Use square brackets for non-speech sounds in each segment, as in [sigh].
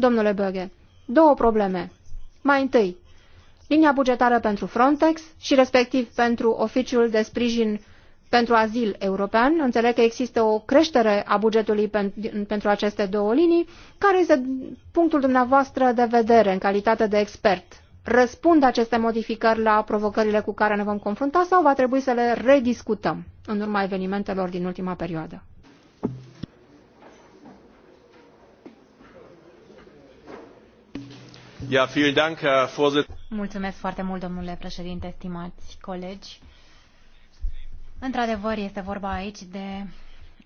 Domnule Böge, două probleme. Mai întâi, linia bugetară pentru Frontex și respectiv pentru oficiul de sprijin pentru azil european. Înțeleg că există o creștere a bugetului pen, pentru aceste două linii. Care este punctul dumneavoastră de vedere în calitate de expert? Răspund aceste modificări la provocările cu care ne vom confrunta sau va trebui să le rediscutăm în urma evenimentelor din ultima perioadă? Mulțumesc foarte mult, domnule președinte, stimați colegi. Într-adevăr, este vorba aici de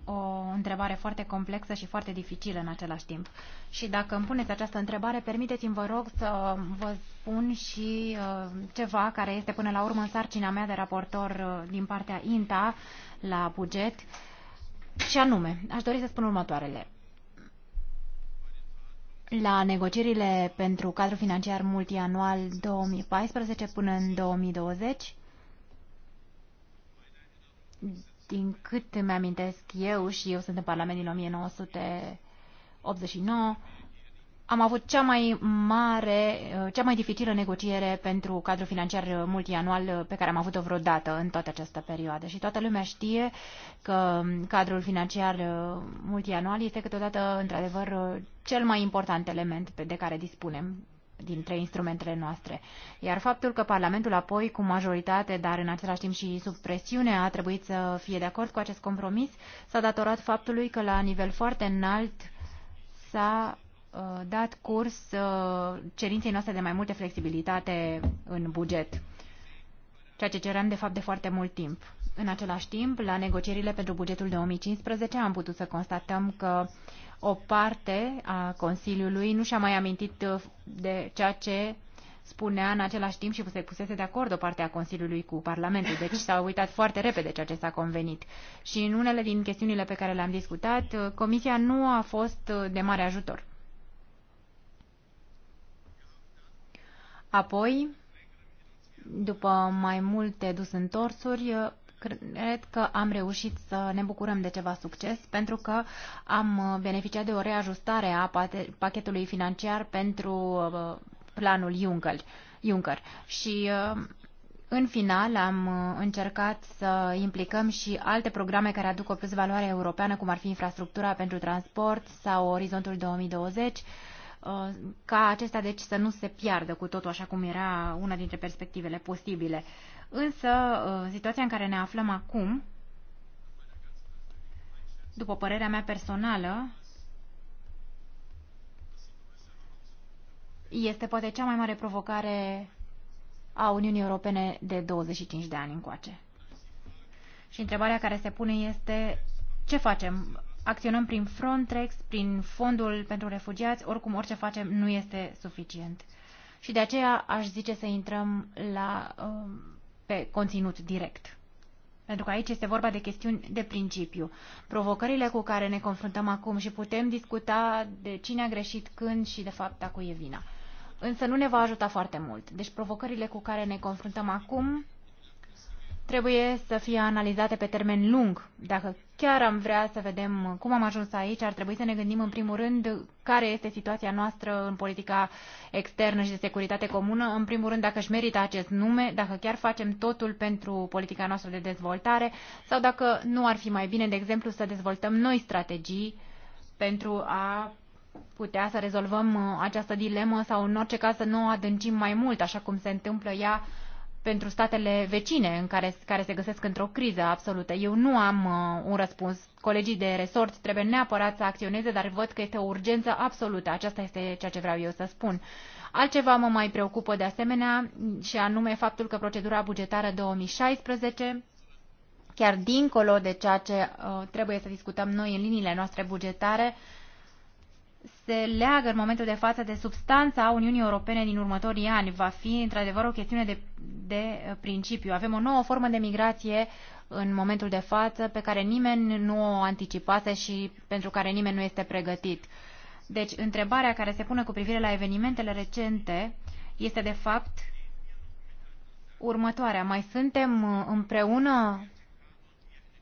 o întrebare foarte complexă și foarte dificilă în același timp. Și dacă îmi puneți această întrebare, permiteți-mi, vă rog, să vă spun și uh, ceva care este până la urmă în sarcina mea de raportor uh, din partea INTA la buget. Și anume, aș dori să spun următoarele la negocierile pentru cadrul financiar multianual 2014 până în 2020, din cât îmi amintesc eu, și eu sunt în Parlament din 1989, am avut cea mai mare, uh, cea mai dificilă negociere pentru cadrul financiar multianual uh, pe care am avut-o vreodată în toată această perioadă. Și toată lumea știe că um, cadrul financiar uh, multianual este câteodată, într-adevăr, cel mai important element de care dispunem dintre instrumentele noastre. Iar faptul că Parlamentul apoi, cu majoritate, dar în același timp și sub presiune, a trebuit să fie de acord cu acest compromis, s-a datorat faptului că la nivel foarte înalt s-a Uh, dat curs uh, cerinței noastre de mai multe flexibilitate în buget, ceea ce ceream de fapt de foarte mult timp. În același timp, la negocierile pentru bugetul 2015 am putut să constatăm că o parte a Consiliului nu și-a mai amintit uh, de ceea ce spunea în același timp și se pusese de acord o parte a Consiliului cu Parlamentul. Deci s-a uitat foarte repede ceea ce s-a convenit. Și în unele din chestiunile pe care le-am discutat, Comisia nu a fost de mare ajutor. Apoi, după mai multe dus întorsuri, cred că am reușit să ne bucurăm de ceva succes, pentru că am beneficiat de o reajustare a pachetului financiar pentru uh, planul Juncker. Juncker. Și uh, în final am uh, încercat să implicăm și alte programe care aduc o plus valoare europeană, cum ar fi infrastructura pentru transport sau Orizontul 2020, Uh, ca acesta deci să nu se piardă cu totul așa cum era una dintre perspectivele posibile. Însă, uh, situația în care ne aflăm acum, după părerea mea personală, este poate cea mai mare provocare a Uniunii Europene de 25 de ani încoace. Și întrebarea care se pune este ce facem acționăm prin Frontex, prin Fondul pentru Refugiați, oricum orice facem nu este suficient. Și de aceea aș zice să intrăm la, um, pe conținut direct. Pentru că aici este vorba de chestiuni de principiu. Provocările cu care ne confruntăm acum și putem discuta de cine a greșit când și de fapt a cui e vina. Însă nu ne va ajuta foarte mult. Deci provocările cu care ne confruntăm acum trebuie să fie analizate pe termen lung. Dacă chiar am vrea să vedem cum am ajuns aici, ar trebui să ne gândim în primul rând care este situația noastră în politica externă și de securitate comună, în primul rând dacă își merită acest nume, dacă chiar facem totul pentru politica noastră de dezvoltare sau dacă nu ar fi mai bine, de exemplu, să dezvoltăm noi strategii pentru a putea să rezolvăm uh, această dilemă sau în orice caz să nu o adâncim mai mult, așa cum se întâmplă ea pentru statele vecine în care, care se găsesc într-o criză absolută. Eu nu am uh, un răspuns. Colegii de resort trebuie neapărat să acționeze, dar văd că este o urgență absolută. Aceasta este ceea ce vreau eu să spun. Altceva mă mai preocupă de asemenea și anume faptul că procedura bugetară 2016 chiar dincolo de ceea ce uh, trebuie să discutăm noi în liniile noastre bugetare, uh, se leagă în momentul de față de substanța Uniunii Europene din următorii ani. Va fi într-adevăr o chestiune de, de principiu. Avem o nouă formă de migrație în momentul de față pe care nimeni nu o anticipase și pentru care nimeni nu este pregătit. Deci, întrebarea care se pune cu privire la evenimentele recente este de fapt următoarea. Mai suntem împreună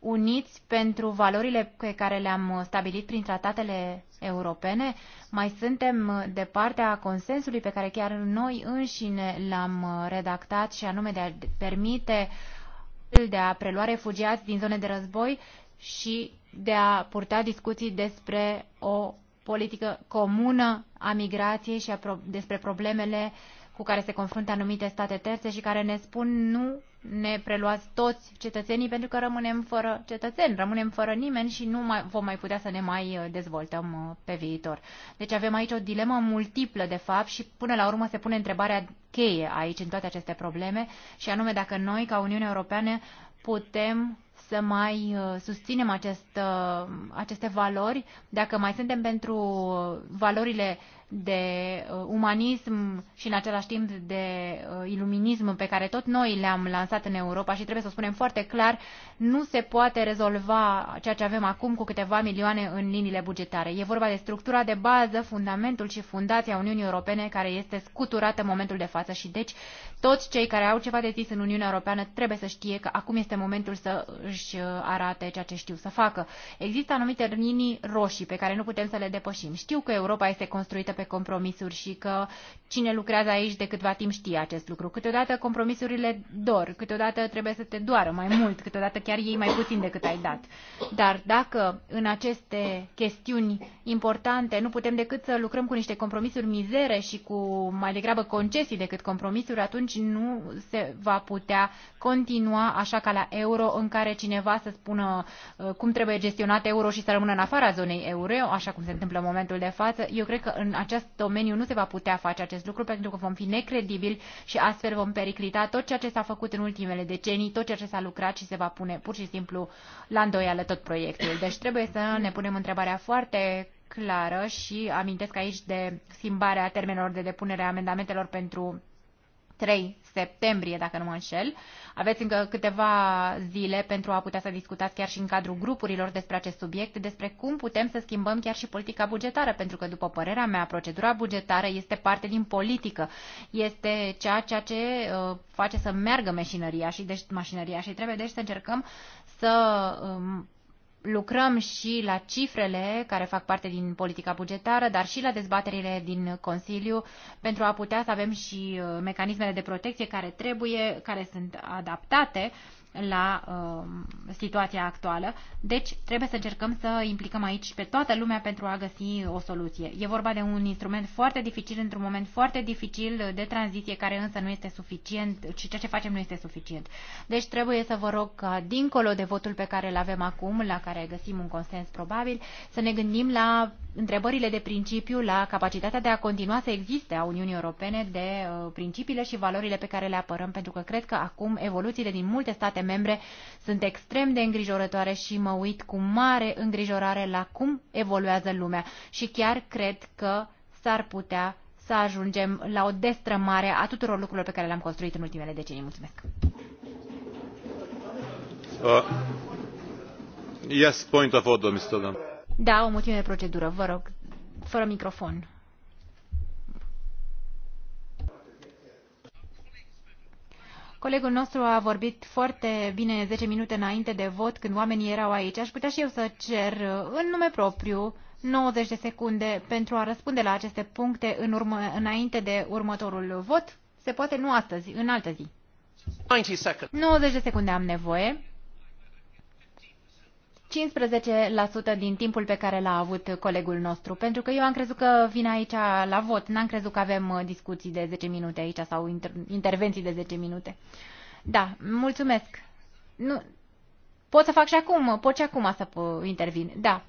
uniți pentru valorile pe care le-am stabilit prin tratatele europene, mai suntem de partea consensului pe care chiar noi înșine l-am redactat și anume de a permite de a prelua refugiați din zone de război și de a purta discuții despre o politică comună a migrației și a pro- despre problemele uh, cu care se confruntă anumite state terțe și care ne spun nu ne preluați toți cetățenii pentru că rămânem fără cetățeni, rămânem fără nimeni și nu mai, vom mai putea să ne mai uh, dezvoltăm uh, pe viitor. Deci avem aici o dilemă multiplă de fapt și până la urmă se pune întrebarea cheie aici în toate aceste probleme și anume dacă noi ca Uniunea Europeană putem să mai uh, susținem acest, aceste valori, dacă mai suntem pentru valorile uh, de uh, umanism și în același timp de uh, iluminism pe care tot noi le-am lansat în Europa și trebuie să o spunem foarte clar, nu se poate rezolva ceea ce avem acum cu câteva milioane în liniile bugetare. E vorba de structura de bază, fundamentul și fundația Uniunii Europene care este scuturată în momentul de față și deci toți cei care au ceva de zis în Uniunea Europeană trebuie să știe că acum este momentul să își uh, arate ceea ce știu să facă. Există anumite linii roșii pe care nu putem să le depășim. Știu că Europa este construită pe pe compromisuri și că cine lucrează aici de câtva timp știe acest lucru. Câteodată compromisurile dor, câteodată trebuie să te doară mai mult, câteodată chiar ei mai puțin decât ai dat. Dar dacă în aceste chestiuni importante nu putem decât să lucrăm cu niște compromisuri mizere și cu mai degrabă concesii decât compromisuri, atunci nu se va putea continua așa ca la euro în care cineva să spună uh, cum trebuie gestionat euro și să rămână în afara zonei euro, așa cum se întâmplă în momentul de față. Eu cred că în acest acest domeniu nu se va putea face acest lucru pentru că vom fi necredibili și astfel vom periclita tot ceea ce s-a făcut în ultimele decenii, tot ceea ce s-a lucrat și se va pune pur și simplu la îndoială tot proiectul. Deci trebuie să ne punem întrebarea foarte clară și amintesc aici de schimbarea termenelor de depunere a amendamentelor pentru trei septembrie, dacă nu mă înșel. Aveți încă câteva zile pentru a putea să discutați chiar și în cadrul grupurilor despre acest subiect, despre cum putem să schimbăm chiar și politica bugetară, pentru că, după părerea mea, procedura bugetară este parte din politică, este ceea, ceea ce uh, face să meargă mașinăria și, deci, mașinăria și trebuie deci să încercăm să uh, lucrăm și la cifrele care fac parte din politica bugetară, dar și la dezbaterile din Consiliu pentru a putea să avem și uh, mecanismele de protecție care trebuie, care sunt adaptate la uh, situația actuală. Deci trebuie să încercăm să implicăm aici pe toată lumea pentru a găsi o soluție. E vorba de un instrument foarte dificil, într-un moment foarte dificil de tranziție, care însă nu este suficient și ceea ce facem nu este suficient. Deci trebuie să vă rog ca, dincolo de votul pe care îl avem acum, la care găsim un consens probabil, să ne gândim la întrebările de principiu la capacitatea de a continua să existe a Uniunii Europene de uh, principiile și valorile pe care le apărăm, pentru că cred că acum evoluțiile din multe state membre sunt extrem de îngrijorătoare și mă uit cu mare îngrijorare la cum evoluează lumea și chiar cred că s-ar putea să ajungem la o destrămare a tuturor lucrurilor pe care le-am construit în ultimele decenii. Mulțumesc! Uh, yes, point of order, Mr. Dan. Da, o moțiune de procedură, vă rog, fără microfon. Colegul nostru a vorbit foarte bine 10 minute înainte de vot, când oamenii erau aici. Aș putea și eu să cer uh, în nume propriu 90 de secunde pentru a răspunde la aceste puncte în urmă, înainte de următorul vot. Se poate nu astăzi, în altă zi. 90, 90 de secunde am nevoie. 15% din timpul pe care l-a avut colegul nostru, pentru că eu am crezut că vin aici la vot, n-am crezut că avem uh, discuții de 10 minute aici sau inter- intervenții de 10 minute. Da, mulțumesc. Nu, pot să fac și acum, pot și acum să intervin. Da,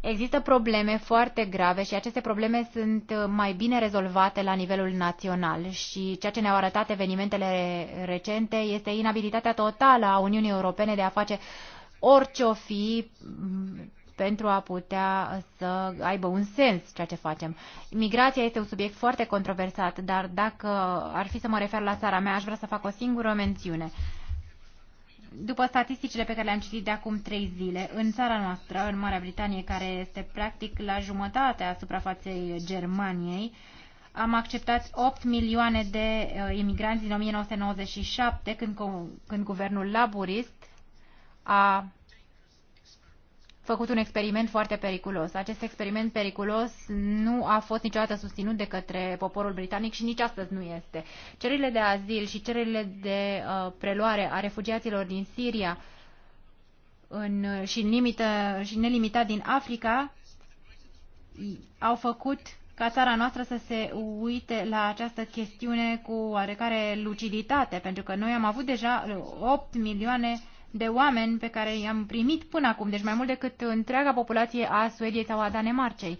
Există probleme foarte grave și aceste probleme sunt uh, mai bine rezolvate la nivelul național și ceea ce ne-au arătat evenimentele recente este inabilitatea totală a Uniunii Europene de a face orice o fi mm, pentru a putea să aibă un sens ceea ce facem. Migrația este un subiect foarte controversat, dar dacă ar fi să mă refer la țara mea, aș vrea să fac o singură mențiune. După statisticile pe care le-am citit de acum trei zile, în țara noastră, în Marea Britanie, care este practic la jumătatea suprafaței Germaniei, am acceptat 8 milioane de uh, imigranți din 1997, când, când guvernul laburist a făcut un experiment foarte periculos. Acest experiment periculos nu a fost niciodată susținut de către poporul britanic și nici astăzi nu este. Cererile de azil și cererile de uh, preluare a refugiaților din Siria în, și, limită, și nelimitat din Africa au făcut ca țara noastră să se uite la această chestiune cu oarecare luciditate, pentru că noi am avut deja 8 milioane de oameni pe care i-am primit până acum, deci mai mult decât întreaga populație a Suediei sau a Danemarcei.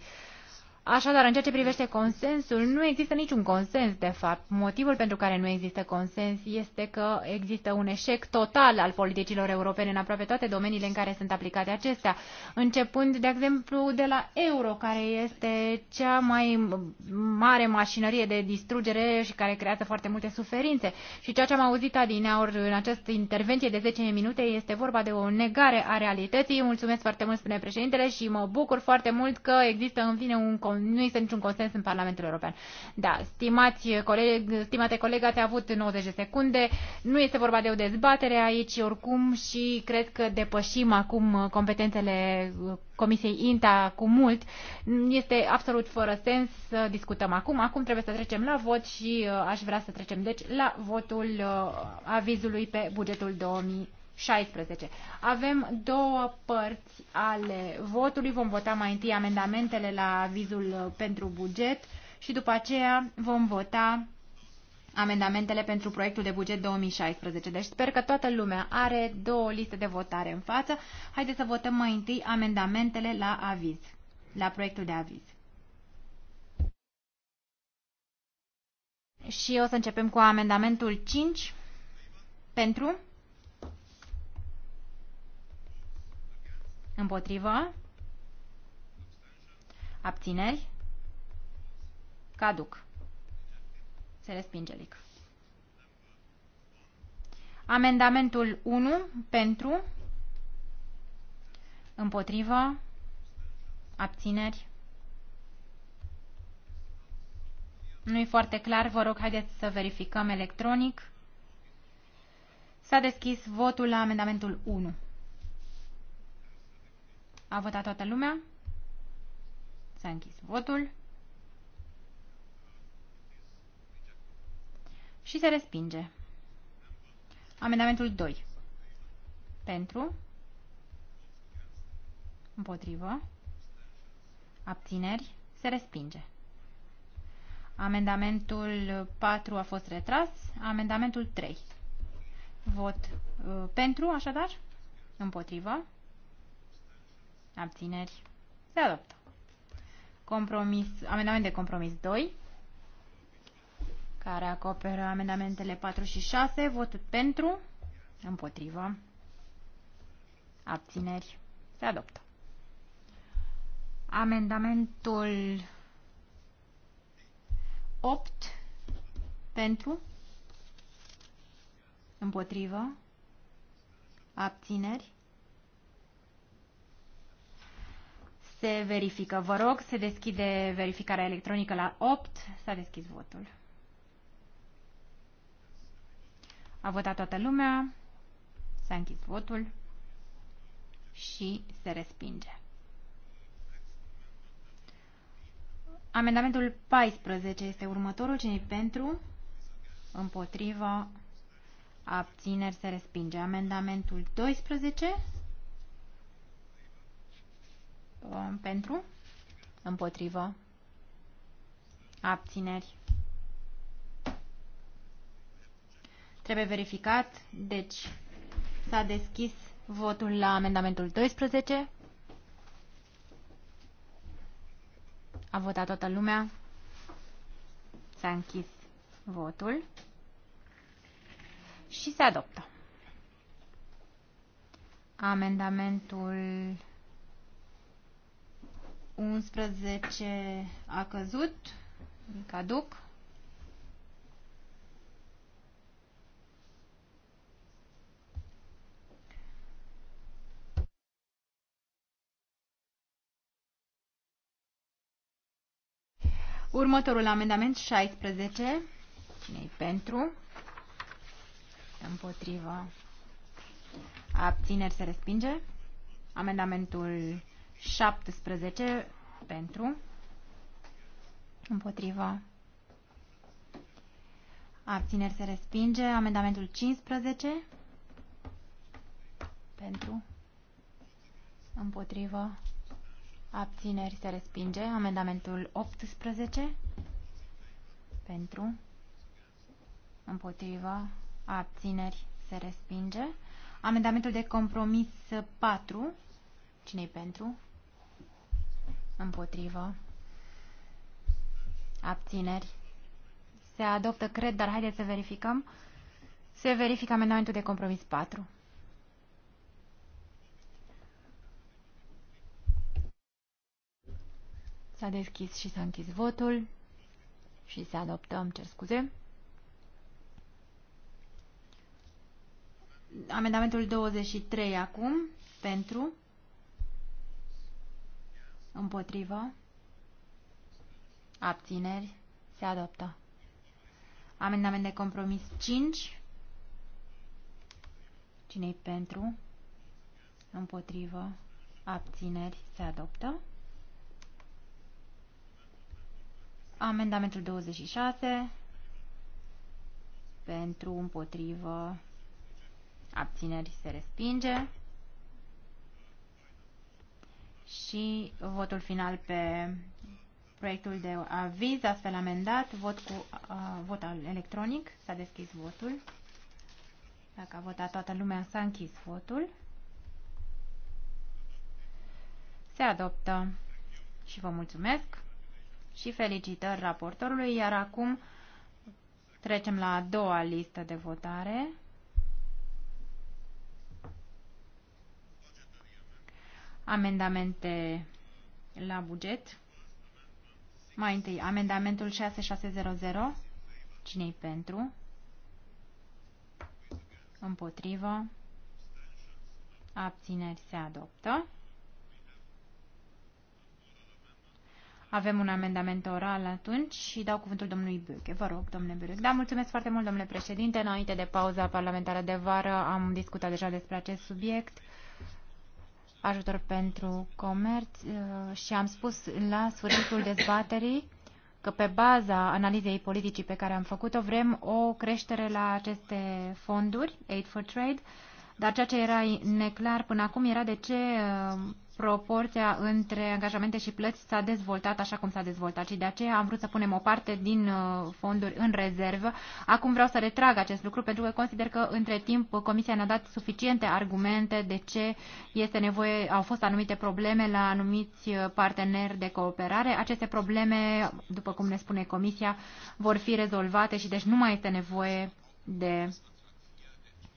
Așadar, în ceea ce privește consensul, nu există niciun consens, de fapt. Motivul pentru care nu există consens este că există un eșec total al politicilor europene în aproape toate domeniile în care sunt aplicate acestea, începând, de exemplu, de la euro, care este cea mai mare mașinărie de distrugere și care creează foarte multe suferințe. Și ceea ce am auzit adineaur în această intervenție de 10 minute este vorba de o negare a realității. Mulțumesc foarte mult, spune președintele, și mă bucur foarte mult că există în fine un consens nu există niciun consens în Parlamentul European. Da, stimați coleg, stimate colegi, ați avut 90 de secunde. Nu este vorba de o dezbatere aici, oricum, și cred că depășim acum competențele Comisiei INTA cu mult. Este absolut fără sens să discutăm acum. Acum trebuie să trecem la vot și uh, aș vrea să trecem, deci, la votul uh, avizului pe bugetul 2000. 16. Avem două părți ale votului. Vom vota mai întâi amendamentele la avizul pentru buget și după aceea vom vota amendamentele pentru proiectul de buget 2016. Deci sper că toată lumea are două liste de votare în față. Haideți să votăm mai întâi amendamentele la aviz, la proiectul de aviz. Și o să începem cu amendamentul 5 pentru Împotrivă? Abțineri? Caduc. Se respinge lic. Amendamentul 1 pentru, împotrivă, abțineri. Nu-i foarte clar, vă rog, haideți să verificăm electronic. S-a deschis votul la amendamentul 1. A votat toată lumea? S-a închis votul. Și se respinge. Amendamentul 2. Pentru. Împotrivă. Abțineri. Se respinge. Amendamentul 4 a fost retras. Amendamentul 3. Vot uh, pentru, așadar. Împotrivă. Abțineri. Se adoptă. Compromis, amendament de compromis 2, care acoperă amendamentele 4 și 6. Vot pentru. Împotrivă. Abțineri. Se adoptă. Amendamentul 8 pentru, împotrivă, abțineri, Se verifică. Vă rog, se deschide verificarea electronică la 8. S-a deschis votul. A votat toată lumea. S-a închis votul și se respinge. Amendamentul 14 este următorul. Cine pentru? Împotriva. Abțineri se respinge. Amendamentul 12 Um, pentru, împotrivă, abțineri. Trebuie verificat, deci s-a deschis votul la amendamentul 12. A votat toată lumea. S-a închis votul și se adoptă. Amendamentul 11 a căzut, caduc. Următorul amendament 16. cine pentru? Împotrivă. Abțineri se respinge. Amendamentul 17 pentru, împotriva, abțineri se respinge, amendamentul 15 pentru, împotriva, abțineri se respinge, amendamentul 18 pentru, împotriva, abțineri se respinge, amendamentul de compromis 4, cine pentru? Împotrivă. Abțineri. Se adoptă, cred, dar haideți să verificăm. Se verifică amendamentul de compromis 4. S-a deschis și s-a închis votul și se adoptă, cer scuze. Amendamentul 23 acum, pentru, Împotrivă. Abțineri. Se adoptă. Amendament de compromis 5. Cine-i pentru? Împotrivă. Abțineri. Se adoptă. Amendamentul 26. Pentru, împotrivă, abțineri se respinge și votul final pe proiectul de aviz, astfel amendat, vot cu uh, vot electronic. S-a deschis votul. Dacă a votat toată lumea, s-a închis votul. Se adoptă și vă mulțumesc și felicitări raportorului, iar acum trecem la a doua listă de votare. amendamente la buget. Mai întâi, amendamentul 6600. Cine-i pentru? Împotrivă. Abțineri se adoptă. Avem un amendament oral atunci și dau cuvântul domnului Bâche. Vă rog, domnule Bâche. Da, mulțumesc foarte mult, domnule președinte. Înainte de pauza parlamentară de vară am discutat deja despre acest subiect ajutor pentru comerț uh, și am spus la sfârșitul dezbaterii că pe baza analizei politicii pe care am făcut-o vrem o creștere la aceste fonduri, Aid for Trade, dar ceea ce era neclar până acum era de ce uh, proporția între angajamente și plăți s-a dezvoltat așa cum s-a dezvoltat și de aceea am vrut să punem o parte din uh, fonduri în rezervă. Acum vreau să retrag acest lucru pentru că consider că între timp Comisia ne-a dat suficiente argumente de ce este nevoie, au fost anumite probleme la anumiți uh, parteneri de cooperare. Aceste probleme, după cum ne spune Comisia, vor fi rezolvate și deci nu mai este nevoie de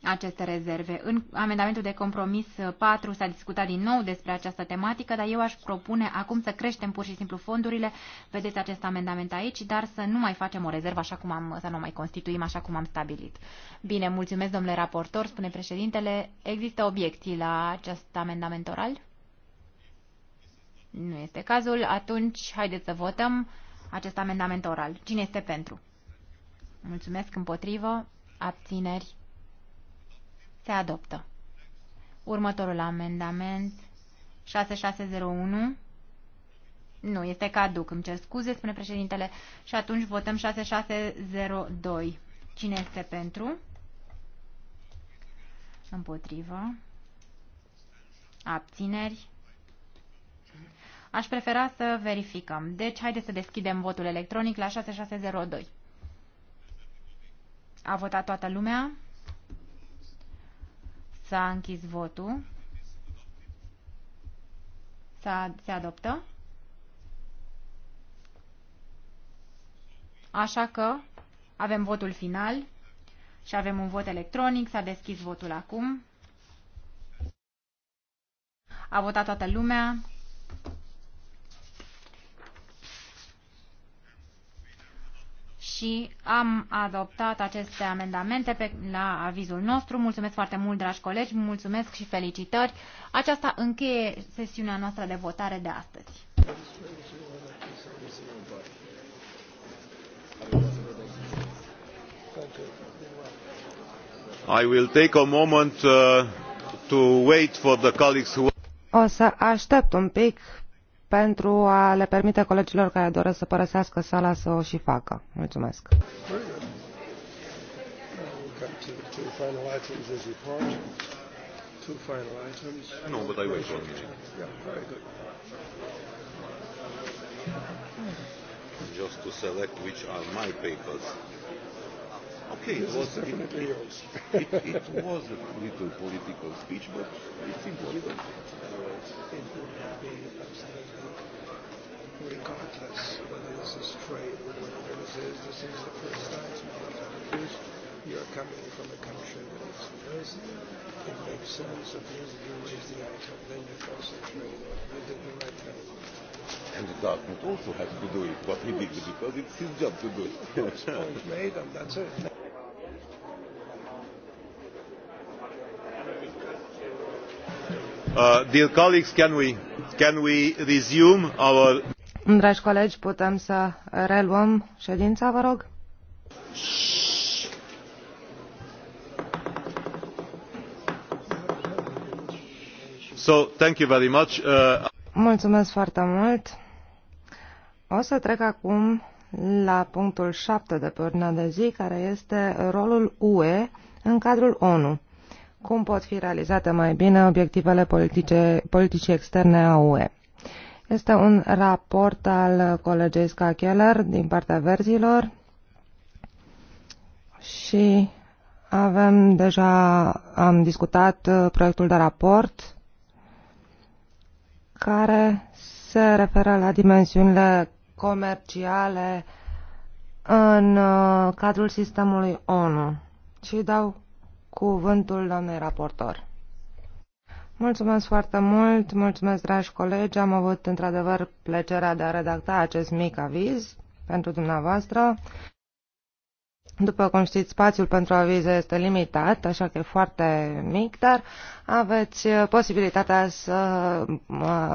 aceste rezerve. În amendamentul de compromis 4 uh, s-a discutat din nou despre această tematică, dar eu aș propune acum să creștem pur și simplu fondurile, vedeți acest amendament aici, dar să nu mai facem o rezervă așa cum am, să nu mai constituim așa cum am stabilit. Bine, mulțumesc domnule raportor, spune președintele, există obiecții la acest amendament oral? Nu este cazul, atunci haideți să votăm acest amendament oral. Cine este pentru? Mulțumesc împotrivă, abțineri. Se adoptă. Următorul amendament 6601 nu, este caduc, îmi cer scuze, spune președintele. Și atunci votăm 6602. Cine este pentru? Împotrivă. Abțineri. Aș prefera să verificăm. Deci, haideți să deschidem votul electronic la 6602. A votat toată lumea? S-a închis votul. S-a, se adoptă. Așa că avem votul final și avem un vot electronic. S-a deschis votul acum. A votat toată lumea. și am adoptat aceste amendamente pe, la avizul nostru. Mulțumesc foarte mult, dragi colegi, mulțumesc și felicitări. Aceasta încheie sesiunea noastră de votare de astăzi. I will take a moment uh, to wait for the colleagues who... O să aștept un pic pentru a le permite colegilor care doresc să părăsească sala să o și facă. Mulțumesc. Just to select which are my papers. Okay, it was, it, it, it was a little political speech, but it's important regardless whether this is trade or whatever this is, this is the first time somebody's had a fish. You're coming from a country that is first. It makes sense that you, you raise the item, then you concentrate the trade. You did the right thing. And the government also has to do it, but he did, it because it's his job to do it. Of course, point made, and that's it. Uh, dear colleagues can we, can we resume our Dragi colegi, putem să reluăm ședința, vă rog? So, thank you very much. Uh... Mulțumesc foarte mult. O să trec acum la punctul 7 de pe ordinea de zi, care este rolul UE în cadrul ONU. Cum pot fi realizate mai bine obiectivele politice, politicii externe a UE? Este un raport al colegei Scacheller din partea verzilor și avem deja, am discutat uh, proiectul de raport care se referă la dimensiunile comerciale în uh, cadrul sistemului ONU. Și dau cuvântul doamnei raportor. Mulțumesc foarte mult, mulțumesc dragi colegi, am avut într-adevăr plăcerea de a redacta acest mic aviz pentru dumneavoastră. După cum știți, spațiul pentru avize este limitat, așa că e foarte mic, dar aveți posibilitatea să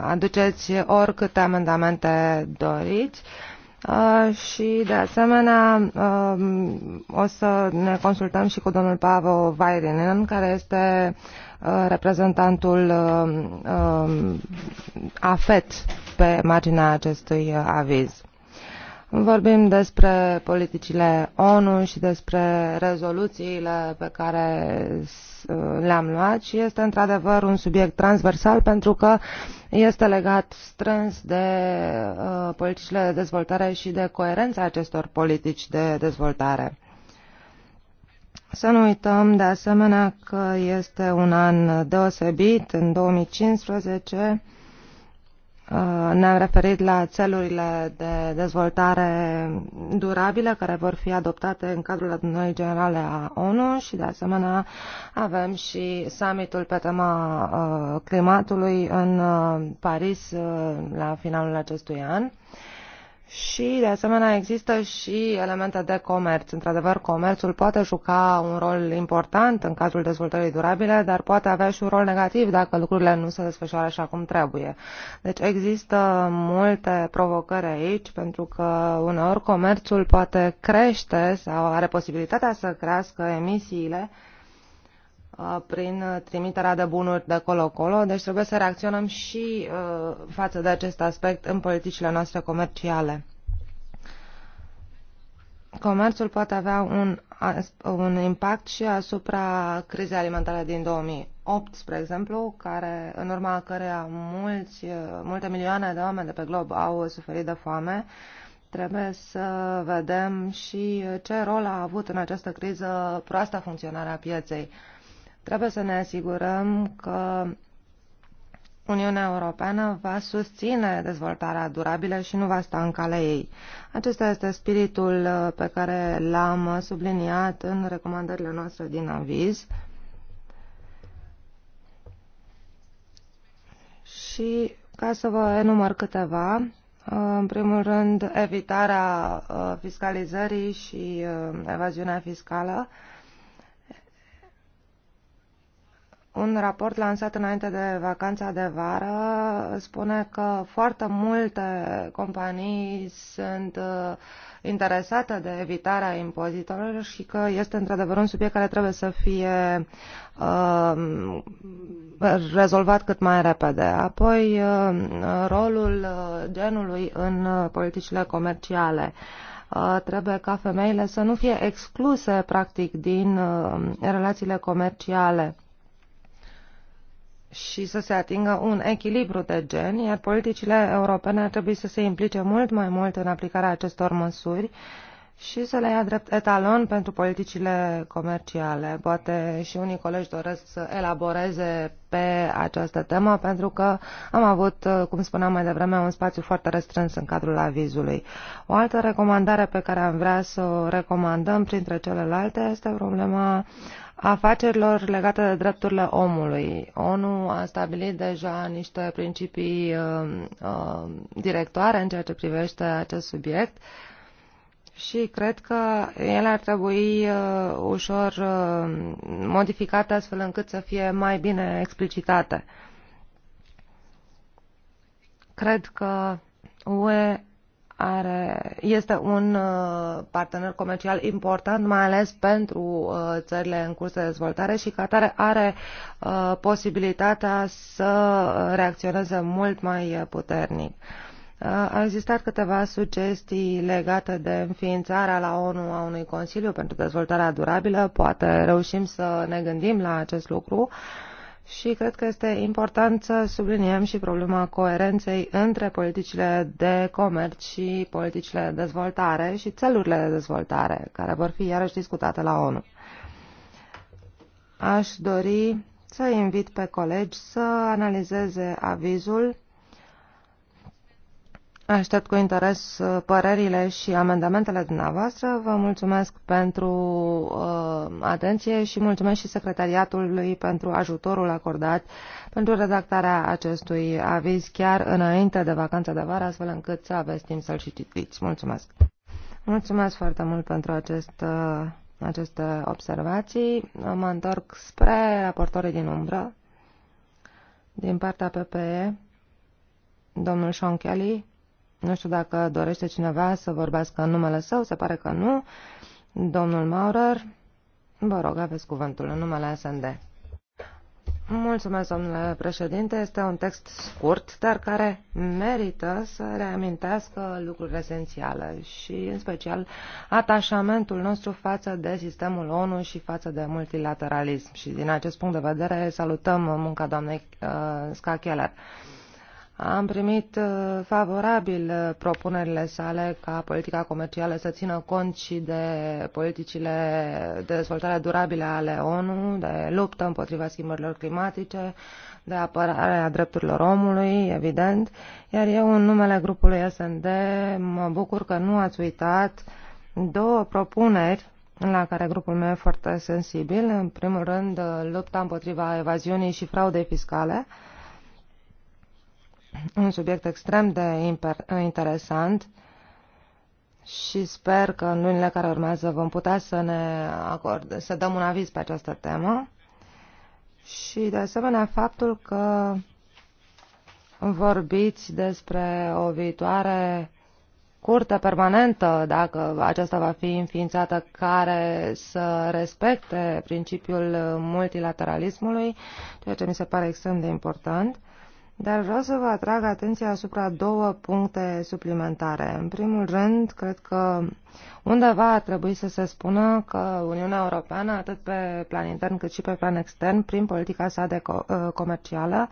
aduceți oricâte amendamente doriți și, de asemenea, o să ne consultăm și cu domnul Pavo Vairinen, care este reprezentantul AFET pe marginea acestui aviz. Vorbim despre politicile ONU și despre rezoluțiile pe care le-am luat și este într-adevăr un subiect transversal pentru că este legat strâns de uh, politicile de dezvoltare și de coerența acestor politici de dezvoltare. Să nu uităm de asemenea că este un an deosebit în 2015 Uh, ne-am referit la țelurile de dezvoltare durabilă care vor fi adoptate în cadrul adunării generale a ONU și de asemenea avem și summitul pe tema uh, climatului în uh, Paris la finalul acestui an. Și, de asemenea, există și elemente de comerț. Într-adevăr, comerțul poate juca un rol important în cazul dezvoltării durabile, dar poate avea și un rol negativ dacă lucrurile nu se desfășoară așa cum trebuie. Deci există multe provocări aici, pentru că uneori comerțul poate crește sau are posibilitatea să crească emisiile, Uh, prin trimiterea de bunuri de colo-colo, deci trebuie să reacționăm și uh, față de acest aspect în politicile noastre comerciale. Comerțul poate avea un, un impact și asupra crizei alimentare din 2008, spre exemplu, care, în urma căreia mulți, uh, multe milioane de oameni de pe glob au suferit de foame, trebuie să vedem și ce rol a avut în această criză proasta funcționare a pieței. Uh, Trebuie să ne asigurăm că Uniunea Europeană va susține dezvoltarea durabilă și nu va sta în calea ei. Acesta este spiritul uh, pe care l-am subliniat în recomandările noastre din aviz. Și ca să vă enumăr câteva, uh, în primul rând evitarea uh, fiscalizării și evaziunea fiscală, Un raport lansat înainte de vacanța de vară spune că foarte multe companii sunt uh, interesate de evitarea impozitelor și că este într-adevăr un subiect care trebuie să fie uh, rezolvat cât mai repede. Apoi, uh, rolul uh, genului în uh, politicile comerciale. Uh, trebuie ca femeile să nu fie excluse, practic, din relațiile comerciale și să se atingă un echilibru de gen, iar politicile europene ar trebui să se implice mult mai mult în aplicarea acestor măsuri și să le ia drept etalon pentru politicile comerciale. Poate și unii colegi doresc să elaboreze pe această temă, pentru că am avut, cum spuneam mai devreme, un spațiu foarte restrâns în cadrul avizului. O altă recomandare pe care am vrea să o recomandăm printre celelalte este problema afacerilor legate de drepturile omului. ONU a stabilit deja niște principii uh, uh, directoare în ceea ce privește acest subiect și cred că ele ar trebui uh, ușor uh, modificate astfel încât să fie mai bine explicitate. Cred că UE are, este un uh, partener comercial important, mai ales pentru uh, țările în curs de dezvoltare și Qatar are uh, posibilitatea să reacționeze mult mai puternic. Au existat câteva sugestii legate de înființarea la ONU a unui Consiliu pentru dezvoltarea durabilă. Poate reușim să ne gândim la acest lucru. Uh, și cred că este important să subliniem și problema coerenței între politicile de comerț și politicile de dezvoltare și țelurile de dezvoltare, care vor fi iarăși discutate la ONU. Aș dori să invit pe colegi să analizeze avizul Aștept cu interes uh, părerile și amendamentele dumneavoastră. Vă mulțumesc pentru uh, atenție și mulțumesc și secretariatului pentru ajutorul acordat pentru redactarea acestui aviz chiar înainte de vacanța de vară, astfel încât să aveți timp să-l și citiți. Mulțumesc! Mulțumesc foarte mult pentru acest, uh, aceste observații. Mă întorc spre raportorii din umbră, din partea PPE, domnul Sean Kelly. Nu știu dacă dorește cineva să vorbească în numele său, se pare că nu. Domnul Maurer, vă rog, aveți cuvântul în numele SND. Mulțumesc, domnule președinte. Este un text scurt, dar care merită să reamintească lucruri esențiale și, în special, atașamentul nostru față de sistemul ONU și față de multilateralism. Și, din acest punct de vedere, salutăm munca doamnei uh, Scacheller. Uh, am primit uh, favorabil uh, propunerile sale ca politica comercială să țină cont și de politicile de dezvoltare durabilă ale ONU, de luptă împotriva schimbărilor climatice, de apărare a drepturilor omului, evident, iar eu, în numele grupului SND, mă bucur că nu ați uitat două propuneri la care grupul meu e foarte sensibil. În primul rând, uh, lupta împotriva evaziunii și fraudei fiscale, un subiect extrem de interesant și sper că în lunile care urmează vom putea să ne acord, să dăm un aviz pe această temă și de asemenea faptul că vorbiți despre o viitoare curte permanentă, dacă aceasta va fi înființată, care să respecte principiul multilateralismului, ceea ce mi se pare extrem de important. Dar vreau să vă atrag atenția asupra două puncte suplimentare. În primul rând, cred că undeva ar trebui să se spună că Uniunea Europeană, atât pe plan intern cât și pe plan extern, prin politica sa de uh, comercială,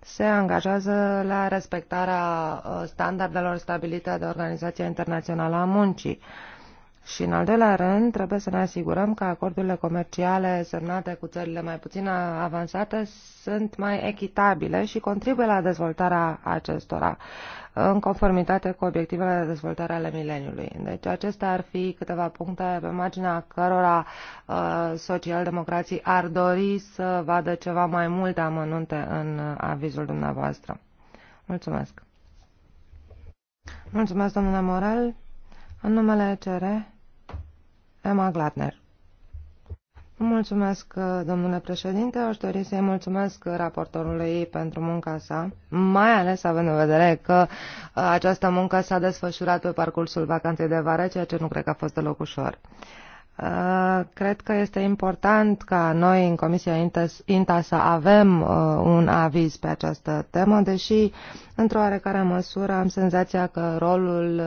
se angajează la respectarea uh, standardelor stabilite de Organizația Internațională a Muncii și în al doilea rând, trebuie să ne asigurăm că acordurile comerciale semnate cu țările mai puțin avansate sunt mai echitabile și contribuie la dezvoltarea acestora în conformitate cu obiectivele de dezvoltare ale mileniului. Deci acestea ar fi câteva puncte pe marginea cărora uh, socialdemocrații ar dori să vadă ceva mai multe amănunte în uh, avizul dumneavoastră. Mulțumesc! Mulțumesc, domnule Morel! În numele CR, Emma Gladner. Mulțumesc, domnule președinte. Aș dori să-i mulțumesc raportorului pentru munca sa, mai ales având în vedere că uh, această muncă s-a desfășurat pe parcursul vacanței de vară, ceea ce nu cred că a fost deloc ușor. Uh, cred că este important ca noi în Comisia INTA să avem uh, un aviz pe această temă, deși într-o oarecare măsură am senzația că rolul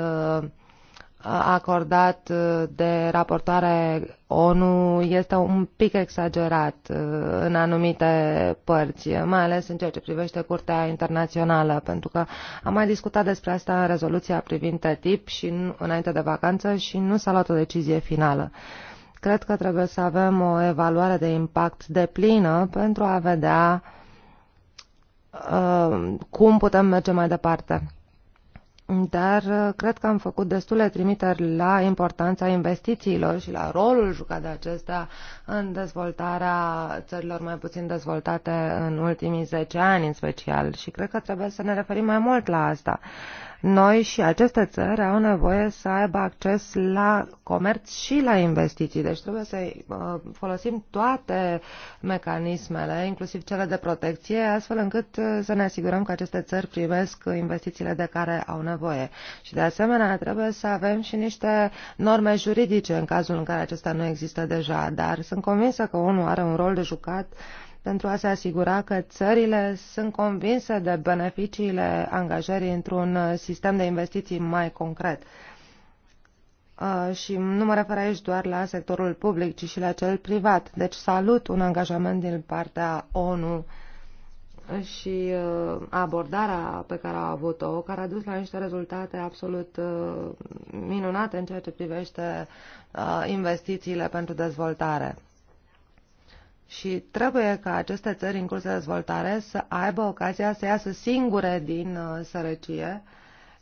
acordat uh, de raportoare ONU este un pic exagerat uh, în anumite părți, mai ales în ceea ce privește Curtea Internațională, pentru că am mai discutat despre asta în rezoluția privind TTIP și înainte de vacanță și nu s-a luat o decizie finală. Cred că trebuie să avem o evaluare de impact de plină pentru a vedea uh, cum putem merge mai departe dar uh, cred că am făcut destule trimiteri la importanța investițiilor și la rolul jucat de acestea în dezvoltarea țărilor mai puțin dezvoltate în ultimii 10 ani în special și cred că trebuie să ne referim mai mult la asta. Uh, noi și aceste țări au nevoie să aibă acces la comerț și la investiții, deci trebuie să uh, folosim toate mecanismele, inclusiv cele de protecție, astfel încât uh, să ne asigurăm că aceste țări primesc investițiile de care au nevoie. Și de asemenea trebuie să avem și niște norme juridice în cazul în care acestea nu există deja, dar sunt convinsă că ONU are un rol de jucat uh, pentru a se asigura că țările sunt convinse de beneficiile angajării într-un sistem de investiții mai concret. Uh, și nu mă refer aici doar la sectorul public, ci și la cel privat. Deci salut un angajament din partea ONU și uh, abordarea pe care a avut-o, care a dus la niște rezultate absolut uh, minunate în ceea ce privește investițiile pentru dezvoltare. Și trebuie ca aceste țări în curs de dezvoltare să aibă ocazia să iasă singure din uh, sărăcie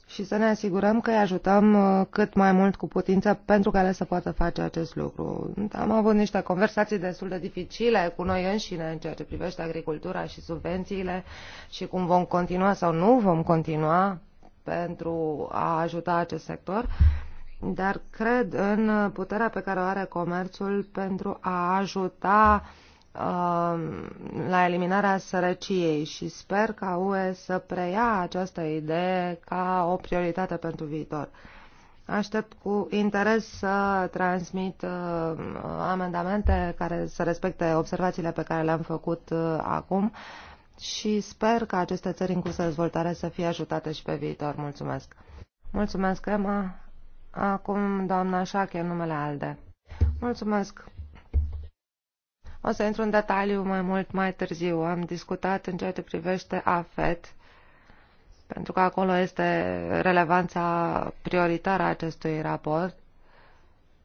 și să ne asigurăm că îi ajutăm uh, cât mai mult cu putință pentru care să poată face acest lucru. Am avut niște conversații destul de dificile cu noi înșine în ceea ce privește agricultura și subvențiile și cum vom continua sau nu vom continua pentru a ajuta acest sector, dar cred în puterea pe care o are comerțul pentru a ajuta uh, Um, la eliminarea sărăciei și sper ca UE să preia această idee ca o prioritate pentru viitor. Aștept cu interes să transmit uh, amendamente care să respecte observațiile pe care le-am făcut uh, acum și sper ca aceste țări în curs de dezvoltare să fie ajutate și pe viitor. Mulțumesc! Mulțumesc, Emma! Acum, doamna Șache, numele ALDE. Mulțumesc! O să intru în detaliu mai mult mai târziu. Am discutat în ceea ce privește AFET, pentru că acolo este relevanța prioritară a acestui raport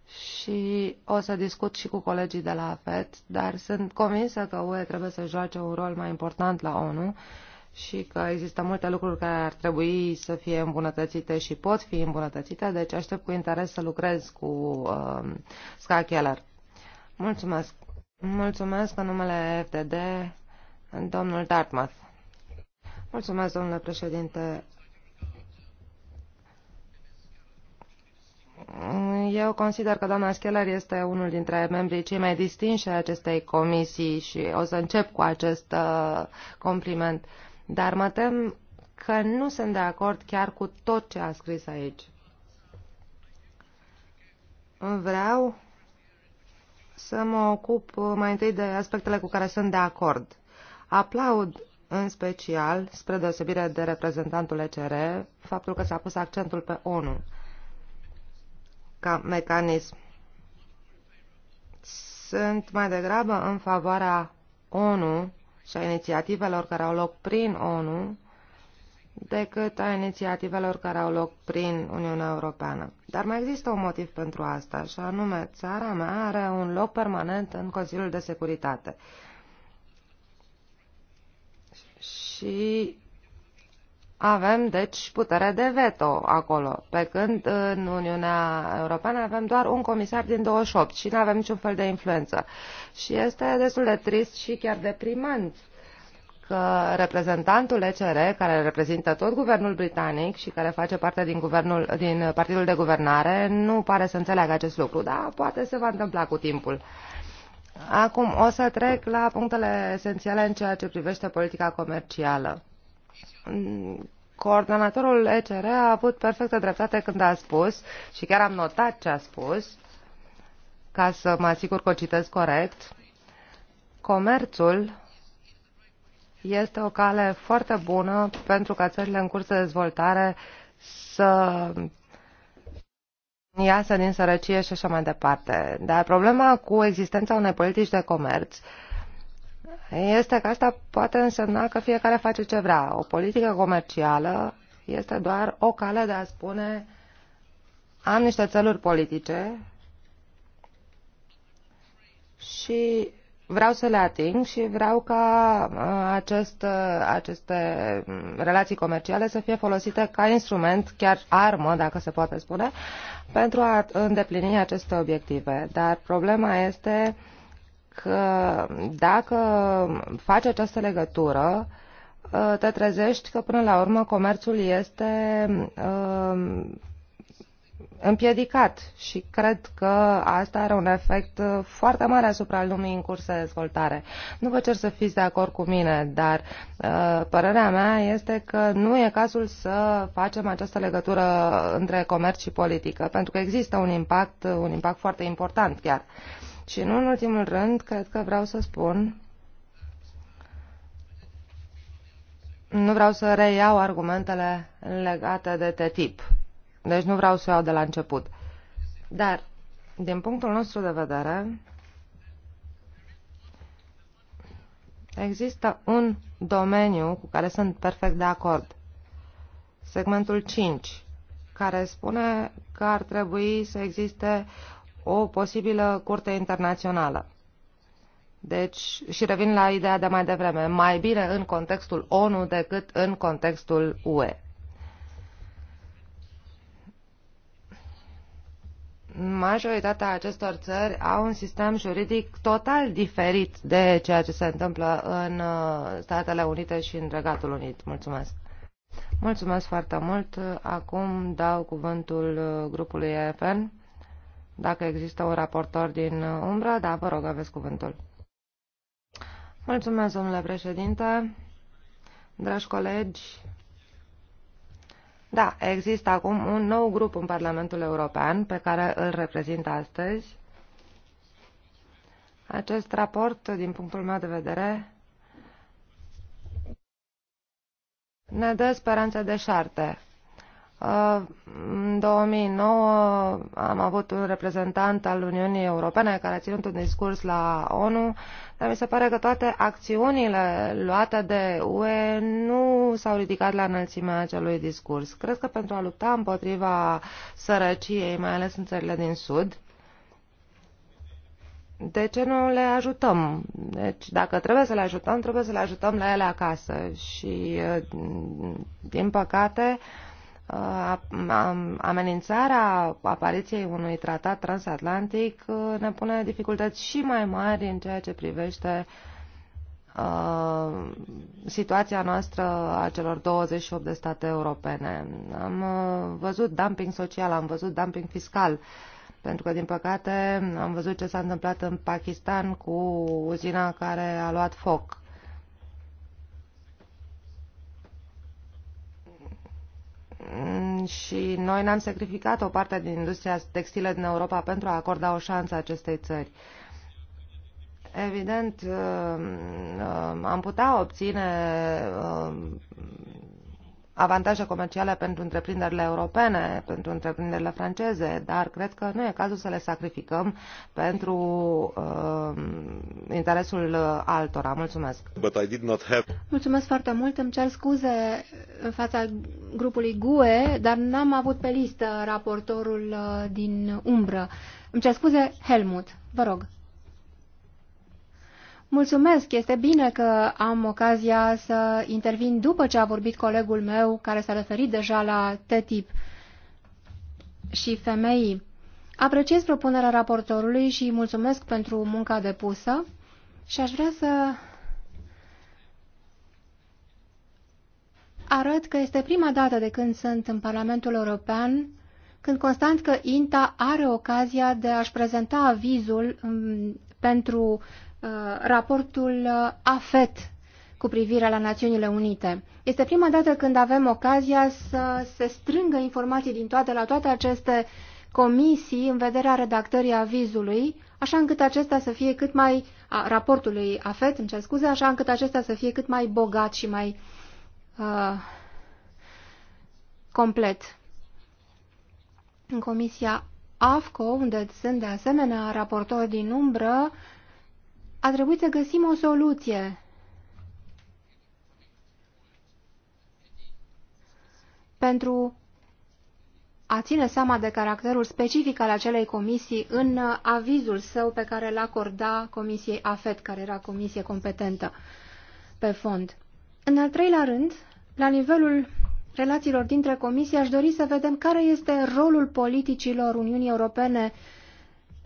și o să discut și cu colegii de la AFET, dar sunt convinsă că UE trebuie să joace un rol mai important la ONU și că există multe lucruri care ar trebui să fie îmbunătățite și pot fi îmbunătățite, deci aștept cu interes să lucrez cu uh, um, Ska Keller. Mulțumesc! Mulțumesc în numele FDD, domnul Dartmouth. Mulțumesc, domnule președinte. Eu consider că doamna Scheller este unul dintre membrii cei mai distinși ai acestei comisii și o să încep cu acest uh, compliment. Dar mă tem că nu sunt de acord chiar cu tot ce a scris aici. Vreau să mă ocup uh, mai întâi de aspectele cu care sunt de acord. Aplaud în special, spre deosebire de reprezentantul ECR, faptul că s-a pus accentul pe ONU ca mecanism. Sunt mai degrabă în favoarea ONU și a inițiativelor care au loc prin ONU decât a inițiativelor care au loc prin Uniunea Europeană. Dar mai există un motiv pentru asta, și anume țara mea are un loc permanent în Consiliul de Securitate. Și avem, deci, putere de veto acolo, pe când în Uniunea Europeană avem doar un comisar din 28 și nu avem niciun fel de influență. Și este destul de trist și chiar deprimant uh, că reprezentantul ECR, care reprezintă tot guvernul britanic și care face parte din, guvernul, din partidul de guvernare, nu pare să înțeleagă acest lucru, dar poate se va întâmpla cu timpul. Acum o să trec la punctele esențiale în ceea ce privește politica comercială. Coordonatorul ECR a avut perfectă dreptate când a spus, și chiar am notat ce a spus, ca să mă asigur că o citesc corect, comerțul este o cale foarte bună pentru ca țările în curs de dezvoltare să iasă din sărăcie și așa mai departe. Dar problema cu existența unei politici de comerț este că asta poate însemna că fiecare face ce vrea. O politică comercială este doar o cale de a spune am niște țeluri politice și vreau să le ating și vreau ca uh, acest, uh, aceste mm, relații comerciale să fie folosite ca instrument, chiar armă, dacă se poate spune, pentru a îndeplini aceste obiective. Dar problema este că dacă faci această legătură, uh, te trezești că până la urmă comerțul este împiedicat și cred că asta are un efect foarte mare asupra lumii în curs de dezvoltare. Nu vă cer să fiți de acord cu mine, dar uh, părerea mea este că nu e cazul să facem această legătură între comerț și politică, pentru că există un impact, un impact foarte important chiar. Și nu în ultimul rând, cred că vreau să spun nu vreau să reiau argumentele legate de TTIP deci nu vreau să o iau de la început. Dar, din punctul nostru de vedere, există un domeniu cu care sunt perfect de acord. Segmentul 5, care spune că ar trebui să existe o posibilă curte internațională. Deci, și revin la ideea de mai devreme, mai bine în contextul ONU decât în contextul UE. majoritatea acestor țări au un sistem juridic total diferit de ceea ce se întâmplă în uh, Statele Unite și în Regatul Unit. Mulțumesc! Mulțumesc foarte mult! Acum dau cuvântul uh, grupului EFN. Dacă există un raportor din uh, umbră, da, vă rog, aveți cuvântul. Mulțumesc, domnule președinte, dragi colegi, da, există acum un nou grup în Parlamentul European pe care îl reprezint astăzi. Acest raport, din punctul meu de vedere, ne dă speranțe de șarte Uh, în 2009 am avut un reprezentant al Uniunii Europene care a ținut un discurs la ONU, dar mi se pare că toate acțiunile luate de UE nu s-au ridicat la înălțimea acelui discurs. Cred că pentru a lupta împotriva sărăciei, mai ales în țările din Sud, de ce nu le ajutăm? Deci, dacă trebuie să le ajutăm, trebuie să le ajutăm la ele acasă. Și, uh, din păcate, uh, Uh, amenințarea apariției unui tratat transatlantic uh, ne pune dificultăți și mai mari în ceea ce privește uh, situația noastră a celor 28 de state europene. Am văzut dumping social, am văzut dumping fiscal, pentru că, din păcate, am văzut ce s-a întâmplat în Pakistan cu uzina care a luat foc Mm, și noi ne-am sacrificat o parte din industria textilă din Europa pentru a acorda o șansă acestei țări. Evident, uh, uh, am putea obține uh, avantaje comerciale pentru întreprinderile europene, pentru întreprinderile franceze, dar cred că nu e cazul să le sacrificăm pentru uh, interesul altora. Mulțumesc! But I did not have... Mulțumesc foarte mult! Îmi cer scuze în fața grupului GUE, dar n-am avut pe listă raportorul uh, din umbră. Îmi cer scuze, Helmut, vă rog. Mulțumesc, este bine că am ocazia să intervin după ce a vorbit colegul meu care s-a referit deja la TTIP și femei. Apreciez propunerea raportorului și mulțumesc pentru munca depusă și aș vrea să arăt că este prima dată de când sunt în Parlamentul European când constant că INTA are ocazia de a-și prezenta avizul mm, pentru Uh, raportul uh, AFET cu privire la Națiunile Unite. Este prima dată când avem ocazia să se strângă informații din toate la toate aceste comisii în vederea redactării avizului, așa încât acesta să fie cât mai a, raportului AFET, îmi cer scuze, așa încât acesta să fie cât mai bogat și mai uh, complet. În comisia AFCO, unde sunt de asemenea raportori din umbră, uh, a trebuit să găsim o soluție pentru a ține seama de caracterul specific al acelei comisii în uh, avizul său pe care l a acorda Comisiei AFET, care era comisie competentă pe fond. În al treilea rând, la nivelul relațiilor dintre comisii, aș dori să vedem care este rolul politicilor Uniunii Europene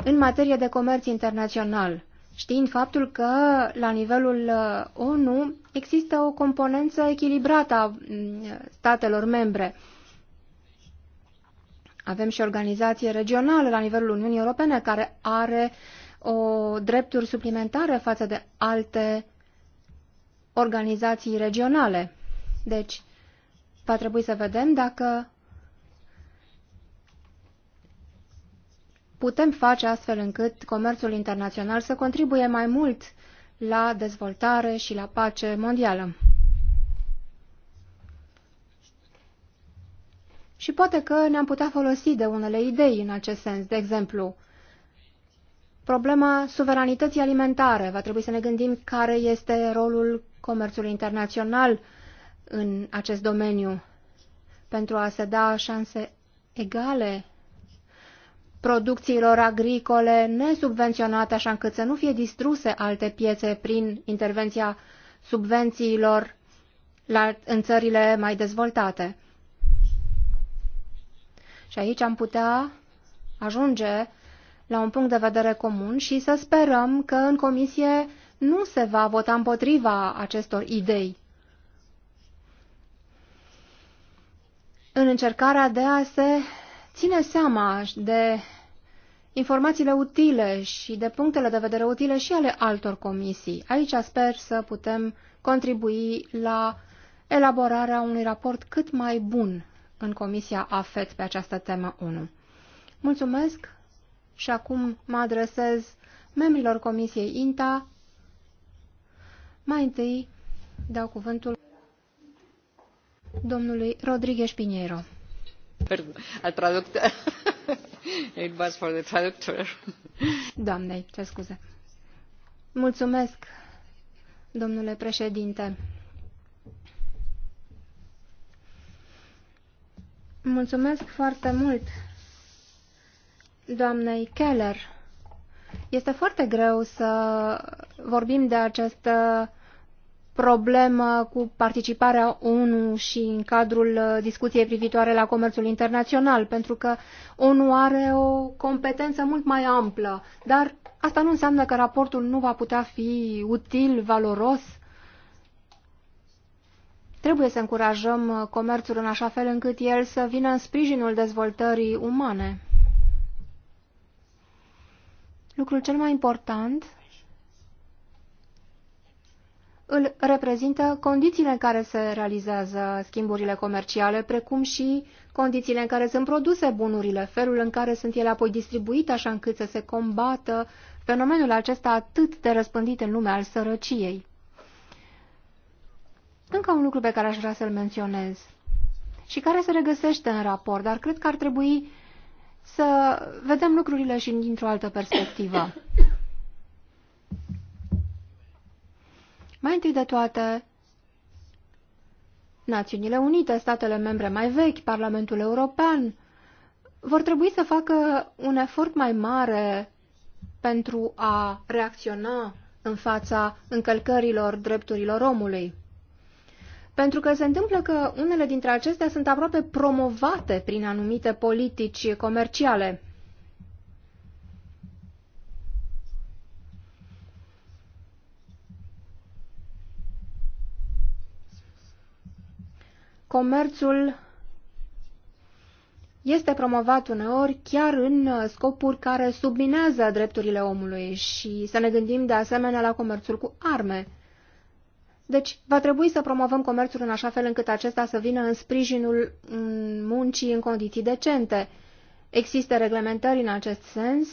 în materie de comerț internațional știind faptul că la nivelul uh, ONU există o componență echilibrată a mm, statelor membre. Avem și organizație regională la nivelul Uniunii Europene care are o drepturi suplimentare față de alte organizații regionale. Deci, va trebui să vedem dacă putem face astfel încât comerțul internațional să contribuie mai mult la dezvoltare și la pace mondială. Și poate că ne-am putea folosi de unele idei în acest sens. De exemplu, problema suveranității alimentare. Va trebui să ne gândim care este rolul comerțului internațional în acest domeniu pentru a se da șanse egale producțiilor agricole nesubvenționate, așa încât să nu fie distruse alte piețe prin intervenția subvențiilor la, în țările mai dezvoltate. Și aici am putea ajunge la un punct de vedere comun și să sperăm că în comisie nu se va vota împotriva acestor idei. În încercarea de a se ține seama de informațiile utile și de punctele de vedere utile și ale altor comisii. Aici sper să putem contribui la elaborarea unui raport cât mai bun în Comisia AFET pe această temă 1. Mulțumesc și acum mă adresez membrilor Comisiei INTA. Mai întâi dau cuvântul domnului Rodriguez Pinheiro. Perdon, al traductor. [laughs] It was for the traductor. Doamnei, ce scuze. Mulțumesc, domnule președinte. Mulțumesc foarte mult, doamnei Keller. Este foarte greu să vorbim de această problemă cu participarea ONU și în cadrul uh, discuției privitoare la comerțul internațional, pentru că ONU are o competență mult mai amplă, dar asta nu înseamnă că raportul nu va putea fi util, valoros. Trebuie să încurajăm uh, comerțul în așa fel încât el să vină în sprijinul dezvoltării umane. Lucrul cel mai important îl reprezintă condițiile în care se realizează schimburile comerciale, precum și condițiile în care sunt produse bunurile, felul în care sunt ele apoi distribuite, așa încât să se combată fenomenul acesta atât de răspândit în lumea al sărăciei. Încă un lucru pe care aș vrea să-l menționez și care se regăsește în raport, dar cred că ar trebui să vedem lucrurile și dintr-o altă perspectivă. Mai întâi de toate, Națiunile Unite, statele membre mai vechi, Parlamentul European, vor trebui să facă un efort mai mare pentru a reacționa în fața încălcărilor drepturilor omului. Pentru că se întâmplă că unele dintre acestea sunt aproape promovate prin anumite politici comerciale. comerțul este promovat uneori chiar în uh, scopuri care subminează drepturile omului și să ne gândim de asemenea la comerțul cu arme. Deci, va trebui să promovăm comerțul în așa fel încât acesta să vină în sprijinul mm, muncii în condiții decente. Există reglementări în acest sens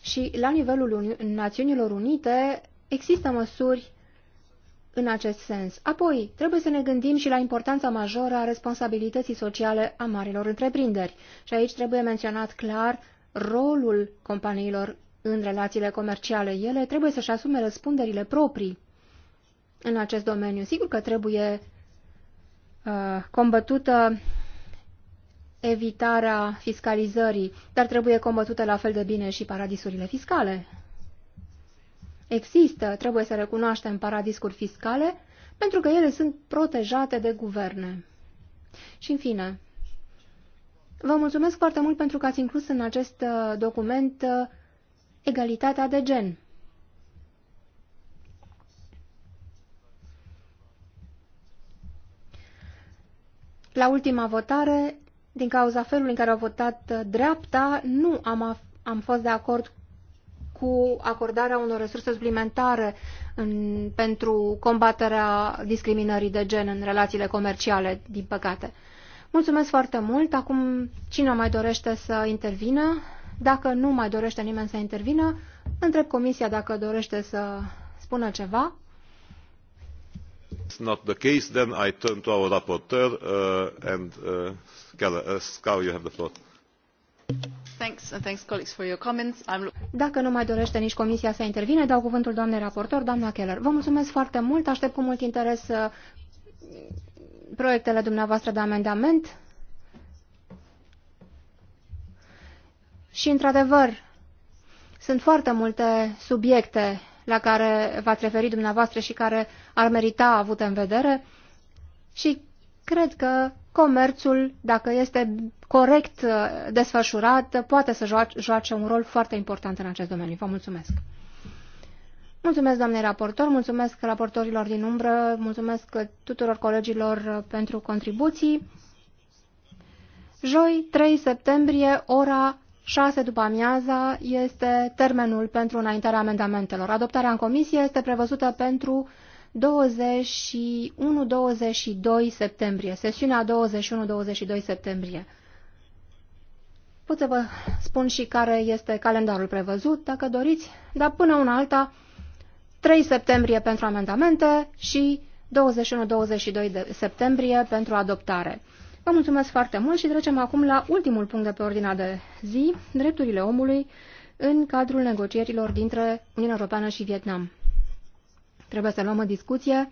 și la nivelul Națiunilor Unite există măsuri în acest sens. Apoi, trebuie să ne gândim și la importanța majoră a responsabilității sociale a marilor întreprinderi. Și aici trebuie menționat clar rolul companiilor în relațiile comerciale. Ele trebuie să-și asume răspunderile proprii în acest domeniu. Sigur că trebuie uh, combătută evitarea fiscalizării, dar trebuie combătută la fel de bine și paradisurile fiscale. Există, trebuie să recunoaștem, paradiscuri fiscale, pentru că ele sunt protejate de guverne. Și în fine, vă mulțumesc foarte mult pentru că ați inclus în acest uh, document uh, egalitatea de gen. La ultima votare, din cauza felului în care au votat uh, dreapta, nu am, am fost de acord cu acordarea unor resurse suplimentare în, pentru combaterea discriminării de gen în relațiile comerciale, din păcate. Mulțumesc foarte mult. Acum, cine mai dorește să intervină? Dacă nu mai dorește nimeni să intervină, întreb comisia dacă dorește să spună ceva. It's not the case, then I turn to our rapporteur uh, and uh, Scala, uh, Scala, you have the floor. Thanks and thanks colleagues for your comments. I'm dacă nu mai dorește nici comisia să intervine, dau cuvântul doamnei raportor, doamna Keller. Vă mulțumesc foarte mult, aștept cu mult interes uh, proiectele dumneavoastră de amendament. Și, într-adevăr, sunt foarte multe subiecte la care v-ați referit dumneavoastră și care ar merita avute în vedere și cred că comerțul, dacă este corect uh, desfășurat, poate să joace un rol foarte important în acest domeniu. Vă mulțumesc! Mulțumesc, doamne raportor, mulțumesc raportorilor din umbră, mulțumesc tuturor colegilor pentru contribuții. Joi, 3 septembrie, ora 6 după amiaza, este termenul pentru înaintarea amendamentelor. Adoptarea în comisie este prevăzută pentru 21-22 septembrie, sesiunea 21-22 septembrie. Pot să vă spun și care este calendarul prevăzut, dacă doriți, dar până una alta, 3 septembrie pentru amendamente și 21-22 septembrie pentru adoptare. Vă mulțumesc foarte mult și trecem acum la ultimul punct de pe ordinea de zi, drepturile omului în cadrul negocierilor dintre Uniunea Europeană și Vietnam trebuie să luăm în discuție.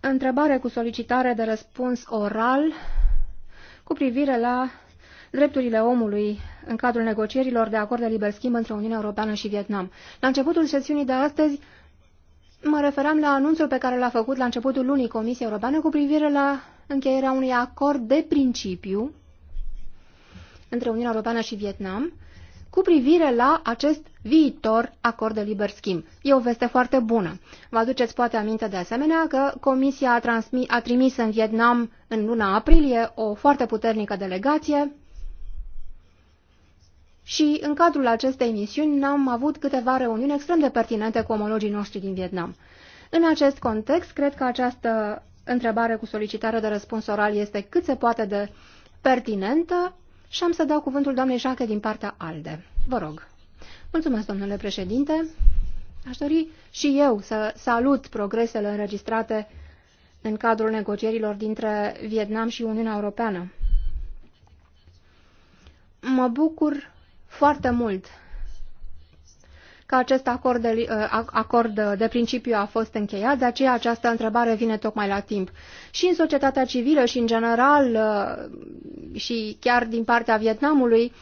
Întrebare cu solicitare de răspuns oral cu privire la drepturile omului în cadrul negocierilor de acord de liber schimb între Uniunea Europeană și Vietnam. La începutul sesiunii de astăzi mă referam la anunțul pe care l-a făcut la începutul lunii Comisia Europeană cu privire la încheierea unui acord de principiu între Uniunea Europeană și Vietnam, cu privire la acest viitor acord de liber schimb. E o veste foarte bună. Vă aduceți poate aminte de asemenea că Comisia a, transmi, a trimis în Vietnam în luna aprilie o foarte puternică delegație și în cadrul acestei misiuni am avut câteva reuniuni extrem de pertinente cu omologii noștri din Vietnam. În acest context, cred că această întrebare cu solicitare de răspuns oral este cât se poate de pertinentă și am să dau cuvântul doamnei Jacă din partea ALDE. Vă rog. Mulțumesc, domnule președinte. Aș dori și eu să salut progresele înregistrate în cadrul negocierilor dintre Vietnam și Uniunea Europeană. Mă bucur foarte mult că acest acord de, uh, acord de principiu a fost încheiat, de aceea această întrebare vine tocmai la timp. Și în societatea civilă și în general uh, și chiar din partea Vietnamului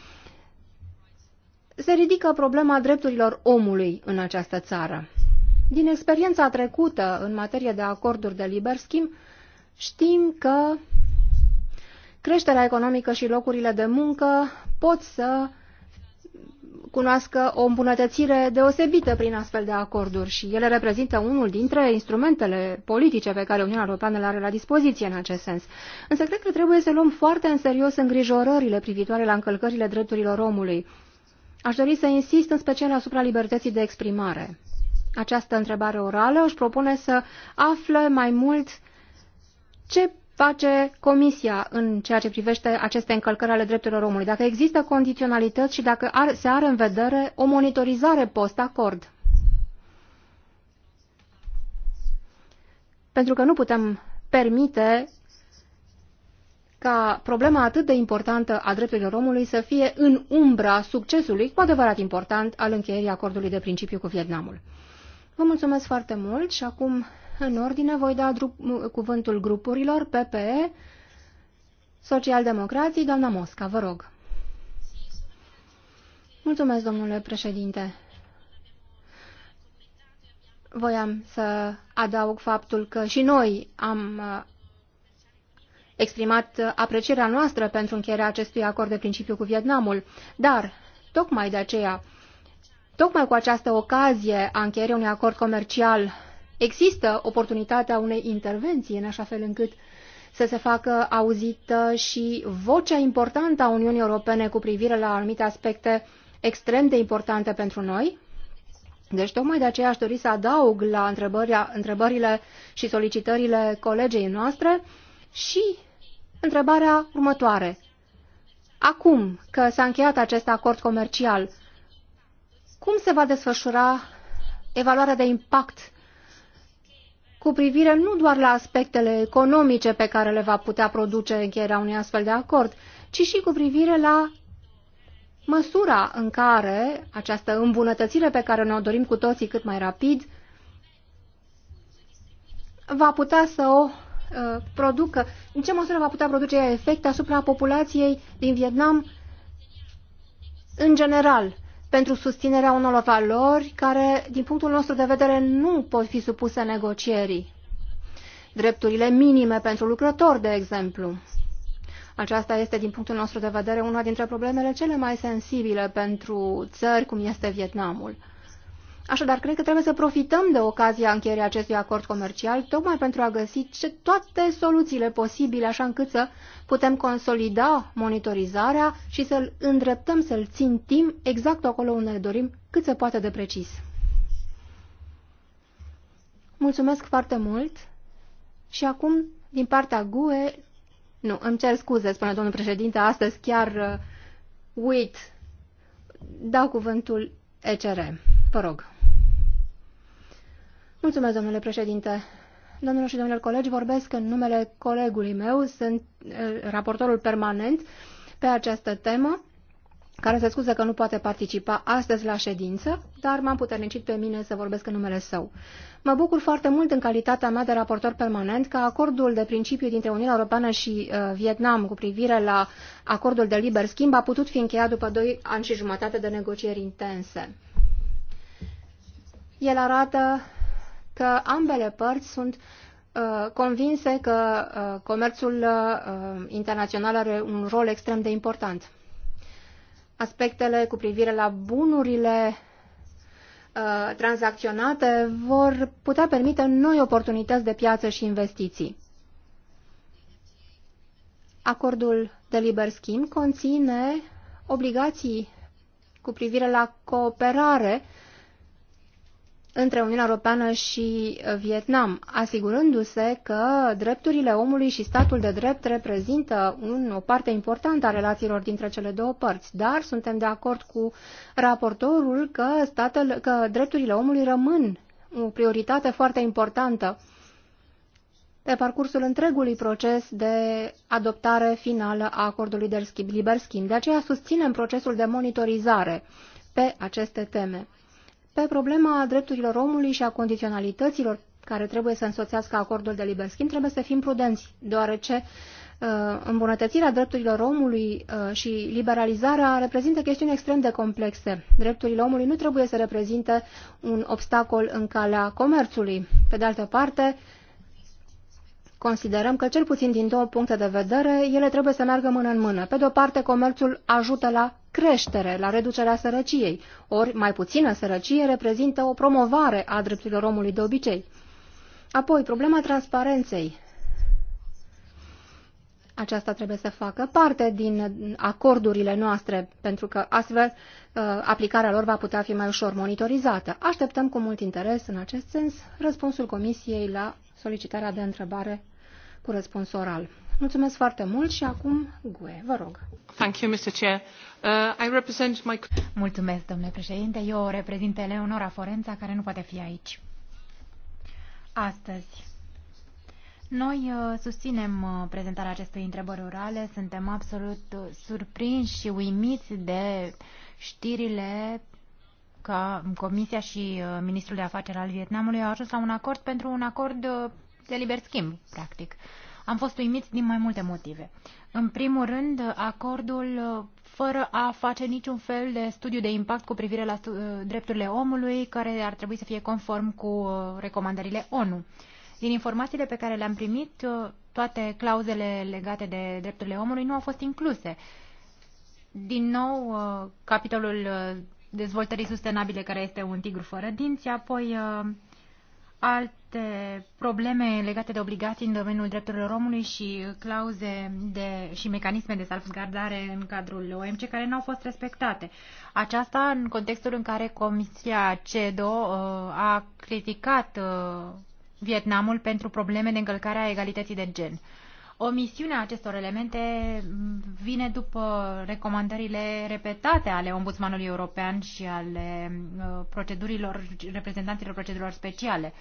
se ridică problema drepturilor omului în această țară. Din experiența trecută în materie de acorduri de liber schimb, știm că creșterea economică și locurile de muncă pot să cunoască o îmbunătățire deosebită prin astfel de acorduri și ele reprezintă unul dintre instrumentele politice pe care Uniunea Europeană le are la dispoziție în acest sens. Însă cred că trebuie să luăm foarte în serios îngrijorările privitoare la încălcările drepturilor omului. Aș dori să insist în special asupra libertății de exprimare. Această întrebare orală își propune să afle mai mult ce face Comisia în ceea ce privește aceste încălcări ale drepturilor omului? Dacă există condiționalități și dacă ar, se are în vedere o monitorizare post-acord? Pentru că nu putem permite ca problema atât de importantă a drepturilor omului să fie în umbra succesului cu adevărat important al încheierii acordului de principiu cu Vietnamul. Vă mulțumesc foarte mult și acum în ordine voi da cuvântul grupurilor PPE, Socialdemocrații, doamna Mosca, vă rog. Mulțumesc, domnule președinte. Voiam să adaug faptul că și noi am uh, exprimat aprecierea noastră pentru încheierea acestui acord de principiu cu Vietnamul, dar tocmai de aceea, tocmai cu această ocazie a încheierii unui acord comercial există oportunitatea unei intervenții în așa fel încât să se facă auzită și vocea importantă a Uniunii Europene cu privire la anumite aspecte extrem de importante pentru noi. Deci tocmai de aceea aș dori să adaug la întrebările și solicitările colegei noastre și întrebarea următoare. Acum că s-a încheiat acest acord comercial, cum se va desfășura evaluarea de impact cu privire nu doar la aspectele economice pe care le va putea produce încheierea unui astfel de acord, ci și cu privire la măsura în care această îmbunătățire pe care ne-o dorim cu toții cât mai rapid va putea să o uh, producă, în ce măsură va putea produce efecte asupra populației din Vietnam în general pentru susținerea unor valori care, din punctul nostru de vedere, nu pot fi supuse negocierii. Drepturile minime pentru lucrători, de exemplu. Aceasta este, din punctul nostru de vedere, una dintre problemele cele mai sensibile pentru țări cum este Vietnamul. Așadar, cred că trebuie să profităm de ocazia încheierii acestui acord comercial, tocmai pentru a găsi toate soluțiile posibile, așa încât să putem consolida monitorizarea și să-l îndreptăm, să-l țintim exact acolo unde ne dorim, cât se poate de precis. Mulțumesc foarte mult și acum, din partea GUE, nu, îmi cer scuze, spune domnul președinte, astăzi chiar uh, uit, dau cuvântul ECR. Vă rog. Mulțumesc, domnule președinte. Domnilor și domnilor colegi, vorbesc în numele colegului meu, sunt eh, raportorul permanent pe această temă, care se scuză că nu poate participa astăzi la ședință, dar m-am puternicit pe mine să vorbesc în numele său. Mă bucur foarte mult în calitatea mea de raportor permanent că acordul de principiu dintre Uniunea Europeană și uh, Vietnam cu privire la acordul de liber schimb a putut fi încheiat după doi ani și jumătate de negocieri intense. El arată că ambele părți sunt uh, convinse că uh, comerțul uh, internațional are un rol extrem de important. Aspectele cu privire la bunurile tranzacționate vor putea permite noi oportunități de piață și investiții. Acordul de liber schimb conține obligații cu privire la cooperare uh, între Uniunea Europeană și uh, Vietnam, asigurându-se că drepturile omului și statul de drept reprezintă un, o parte importantă a relațiilor dintre cele două părți. Dar suntem de acord cu raportorul că, statele, că drepturile omului rămân o prioritate foarte importantă pe parcursul întregului proces de adoptare finală a acordului de liber schimb. De aceea susținem procesul de monitorizare pe aceste teme pe problema drepturilor omului și a condiționalităților care trebuie să însoțească acordul de liber schimb, trebuie să fim prudenți, deoarece uh, îmbunătățirea drepturilor omului uh, și liberalizarea reprezintă chestiuni extrem de complexe. Drepturile omului nu trebuie să reprezinte un obstacol în calea comerțului. Pe de altă parte, Considerăm că, cel puțin din două puncte de vedere, ele trebuie să meargă mână în mână. Pe de o parte, comerțul ajută la creștere, la reducerea sărăciei, ori mai puțină sărăcie reprezintă o promovare a drepturilor omului de obicei. Apoi, problema transparenței. Aceasta trebuie să facă parte din acordurile noastre, pentru că astfel uh, aplicarea lor va putea fi mai ușor monitorizată. Așteptăm cu mult interes, în acest sens, răspunsul Comisiei la solicitarea de întrebare cu răspuns oral. Mulțumesc foarte mult și acum GUE, vă rog. Thank you, Mr. Chair. Uh, I represent my... Mulțumesc, domnule președinte. Eu o reprezint Eleonora Forența, care nu poate fi aici. Astăzi, noi uh, susținem uh, prezentarea acestei întrebări orale, suntem absolut uh, surprinși și uimiți de știrile că Comisia și Ministrul de Afaceri al Vietnamului au ajuns la un acord pentru un acord de liber schimb, practic. Am fost uimiți din mai multe motive. În primul rând, acordul uh, fără a face niciun fel de studiu de impact cu privire la uh, drepturile omului, care ar trebui să fie conform cu uh, recomandările ONU. Din informațiile pe care le-am primit, toate clauzele legate de drepturile omului nu au fost incluse. Din nou, capitolul dezvoltării sustenabile, care este un tigru fără dinți, apoi alte probleme legate de obligații în domeniul drepturilor omului și clauze de, și mecanisme de salvgardare în cadrul OMC care nu au fost respectate. Aceasta în contextul în care Comisia CEDO uh, a criticat uh, Vietnamul pentru probleme de încălcare a egalității de gen. Omisiunea acestor elemente mm, vine după recomandările repetate ale Ombudsmanului European și ale mm, uh, procedurilor, reprezentanților procedurilor speciale.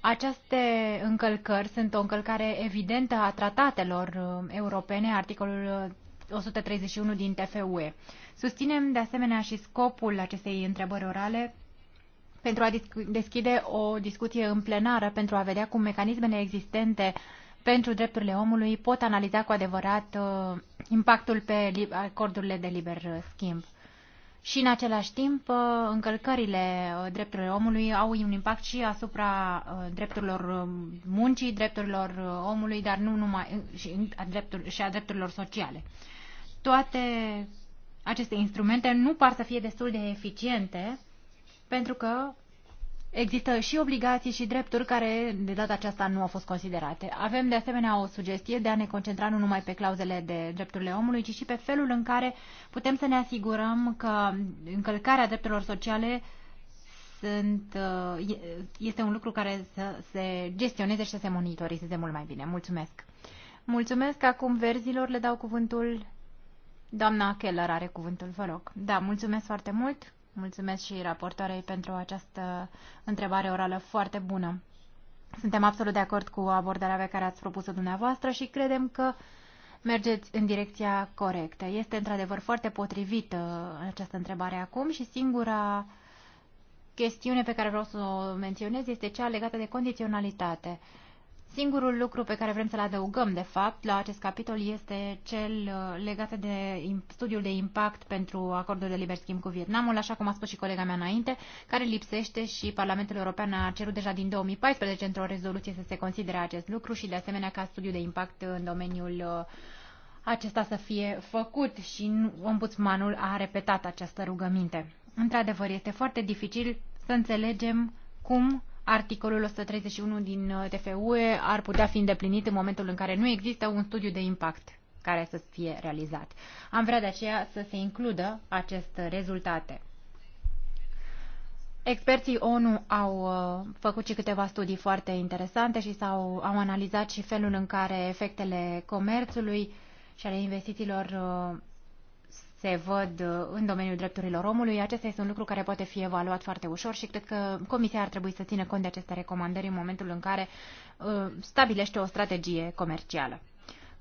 Aceste încălcări sunt o încălcare evidentă a tratatelor mm, europene, articolul 131 uh, din TFUE. Susținem de asemenea și scopul acestei întrebări orale pentru a deschide o discuție în plenară pentru a vedea cum mecanismele existente uh, pentru drepturile omului pot analiza cu adevărat uh, impactul pe acordurile de liber schimb. Și în același timp, uh, încălcările uh, drepturilor omului au un impact și asupra drepturilor muncii, drepturilor omului, dar nu numai și a, dreptur, și a drepturilor sociale. Toate aceste instrumente nu par să fie destul de eficiente pentru că Există și obligații și drepturi care de data aceasta nu au fost considerate. Avem de asemenea o sugestie de a ne concentra nu numai pe clauzele de drepturile omului, ci și pe felul în care putem să ne asigurăm că încălcarea drepturilor sociale sunt, uh, este un lucru care să se gestioneze și să se monitorizeze mult mai bine. Mulțumesc! Mulțumesc! Acum verzilor le dau cuvântul. Doamna Keller are cuvântul, vă rog. Da, mulțumesc foarte mult! Mulțumesc și raportoarei pentru această întrebare orală foarte bună. Suntem absolut de acord cu abordarea pe care ați propus-o dumneavoastră și credem că mergeți în direcția corectă. Este într-adevăr foarte potrivită această întrebare acum și singura chestiune pe care vreau să o menționez este cea legată de condiționalitate. Uh, Singurul lucru pe care vrem să-l adăugăm, de fapt, la acest capitol este cel uh, legat de studiul de impact pentru acordul de liber schimb cu Vietnamul, așa cum a spus și colega mea înainte, care lipsește și Parlamentul European a cerut deja din 2014 într-o rezoluție să se considere acest lucru și, de asemenea, ca studiu de impact în domeniul uh, acesta să fie făcut și ombudsmanul a repetat această rugăminte. Într-adevăr, este foarte dificil să înțelegem cum articolul 131 din uh, TFUE ar putea fi îndeplinit în momentul în care nu există un studiu de impact care să fie realizat. Am vrea de aceea să se includă aceste rezultate. Experții ONU au uh, făcut și câteva studii foarte interesante și s-au, au analizat și felul în care efectele comerțului și ale investițiilor uh, se văd uh, în domeniul drepturilor omului. Acesta este un lucru care poate fi evaluat foarte ușor și cred că Comisia ar trebui să țină cont de aceste recomandări în momentul în care uh, stabilește o strategie comercială.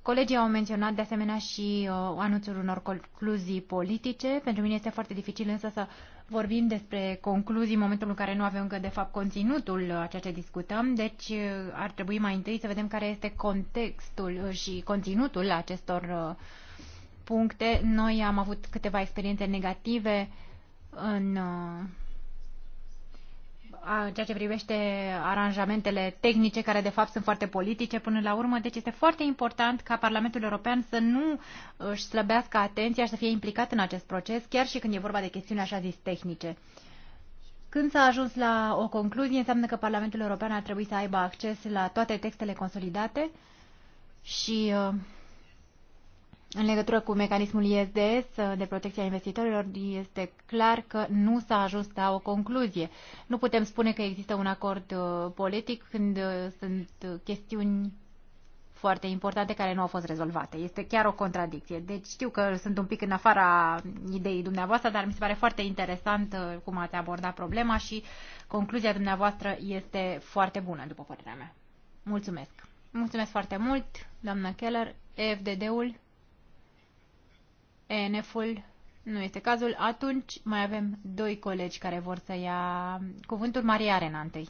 Colegii au menționat de asemenea și uh, anunțul unor concluzii politice. Pentru mine este foarte dificil însă să vorbim despre concluzii în momentul în care nu avem încă de fapt conținutul uh, a ceea ce discutăm, deci uh, ar trebui mai întâi să vedem care este contextul și conținutul acestor uh, puncte. Noi am avut câteva experiențe negative uh, în ceea ce privește aranjamentele tehnice, care de fapt sunt foarte politice până la urmă. Deci este foarte important ca Parlamentul European să nu își slăbească atenția și să fie implicat în acest proces, chiar și când e vorba de chestiuni așa zis tehnice. Când s-a ajuns la o concluzie, înseamnă că Parlamentul European ar trebui să aibă acces la toate textele consolidate și uh, în legătură cu mecanismul ISDS uh, de protecție a investitorilor, este clar că nu s-a ajuns la o concluzie. Nu putem spune că există un acord uh, politic când uh, sunt chestiuni foarte importante care nu au fost rezolvate. Este chiar o contradicție. Deci știu că sunt un pic în afara ideii dumneavoastră, dar mi se pare foarte interesant cum ați abordat problema și concluzia dumneavoastră este foarte bună, după părerea mea. Mulțumesc! Mulțumesc foarte mult, doamnă Keller. fdd ul ENF-ul nu este cazul. Atunci mai avem doi colegi care vor să ia cuvântul. Maria Arena întâi.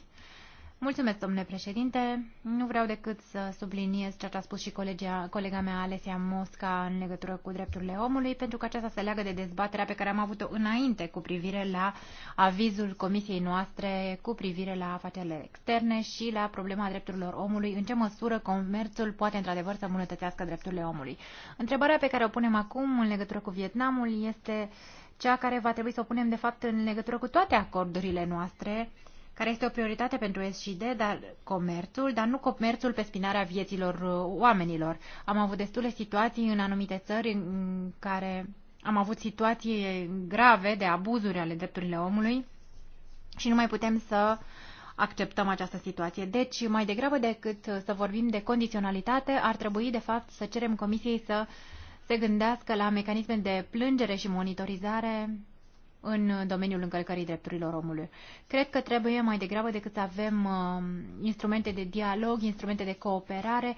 Mulțumesc, domnule președinte. Nu vreau decât să subliniez ceea ce a spus și colegia, colega mea Alesia Mosca în legătură cu drepturile omului, pentru că aceasta se leagă de dezbaterea pe care am avut-o înainte cu privire la avizul comisiei noastre cu privire la afacerile externe și la problema drepturilor omului, în ce măsură comerțul poate într-adevăr să îmbunătățească drepturile omului. Întrebarea pe care o punem acum în legătură cu Vietnamul este cea care va trebui să o punem de fapt în legătură cu toate acordurile noastre care este o prioritate pentru SJD, dar comerțul, dar nu comerțul pe spinarea vieților uh, oamenilor. Am avut destule situații în anumite țări în care am avut situații grave de abuzuri ale drepturile omului și nu mai putem să acceptăm această situație. Deci, mai degrabă decât să vorbim de condiționalitate, ar trebui, de fapt, să cerem Comisiei să se gândească la mecanisme de plângere și monitorizare în domeniul încălcării drepturilor omului. Cred că trebuie mai degrabă decât să avem uh, instrumente de dialog, instrumente de cooperare,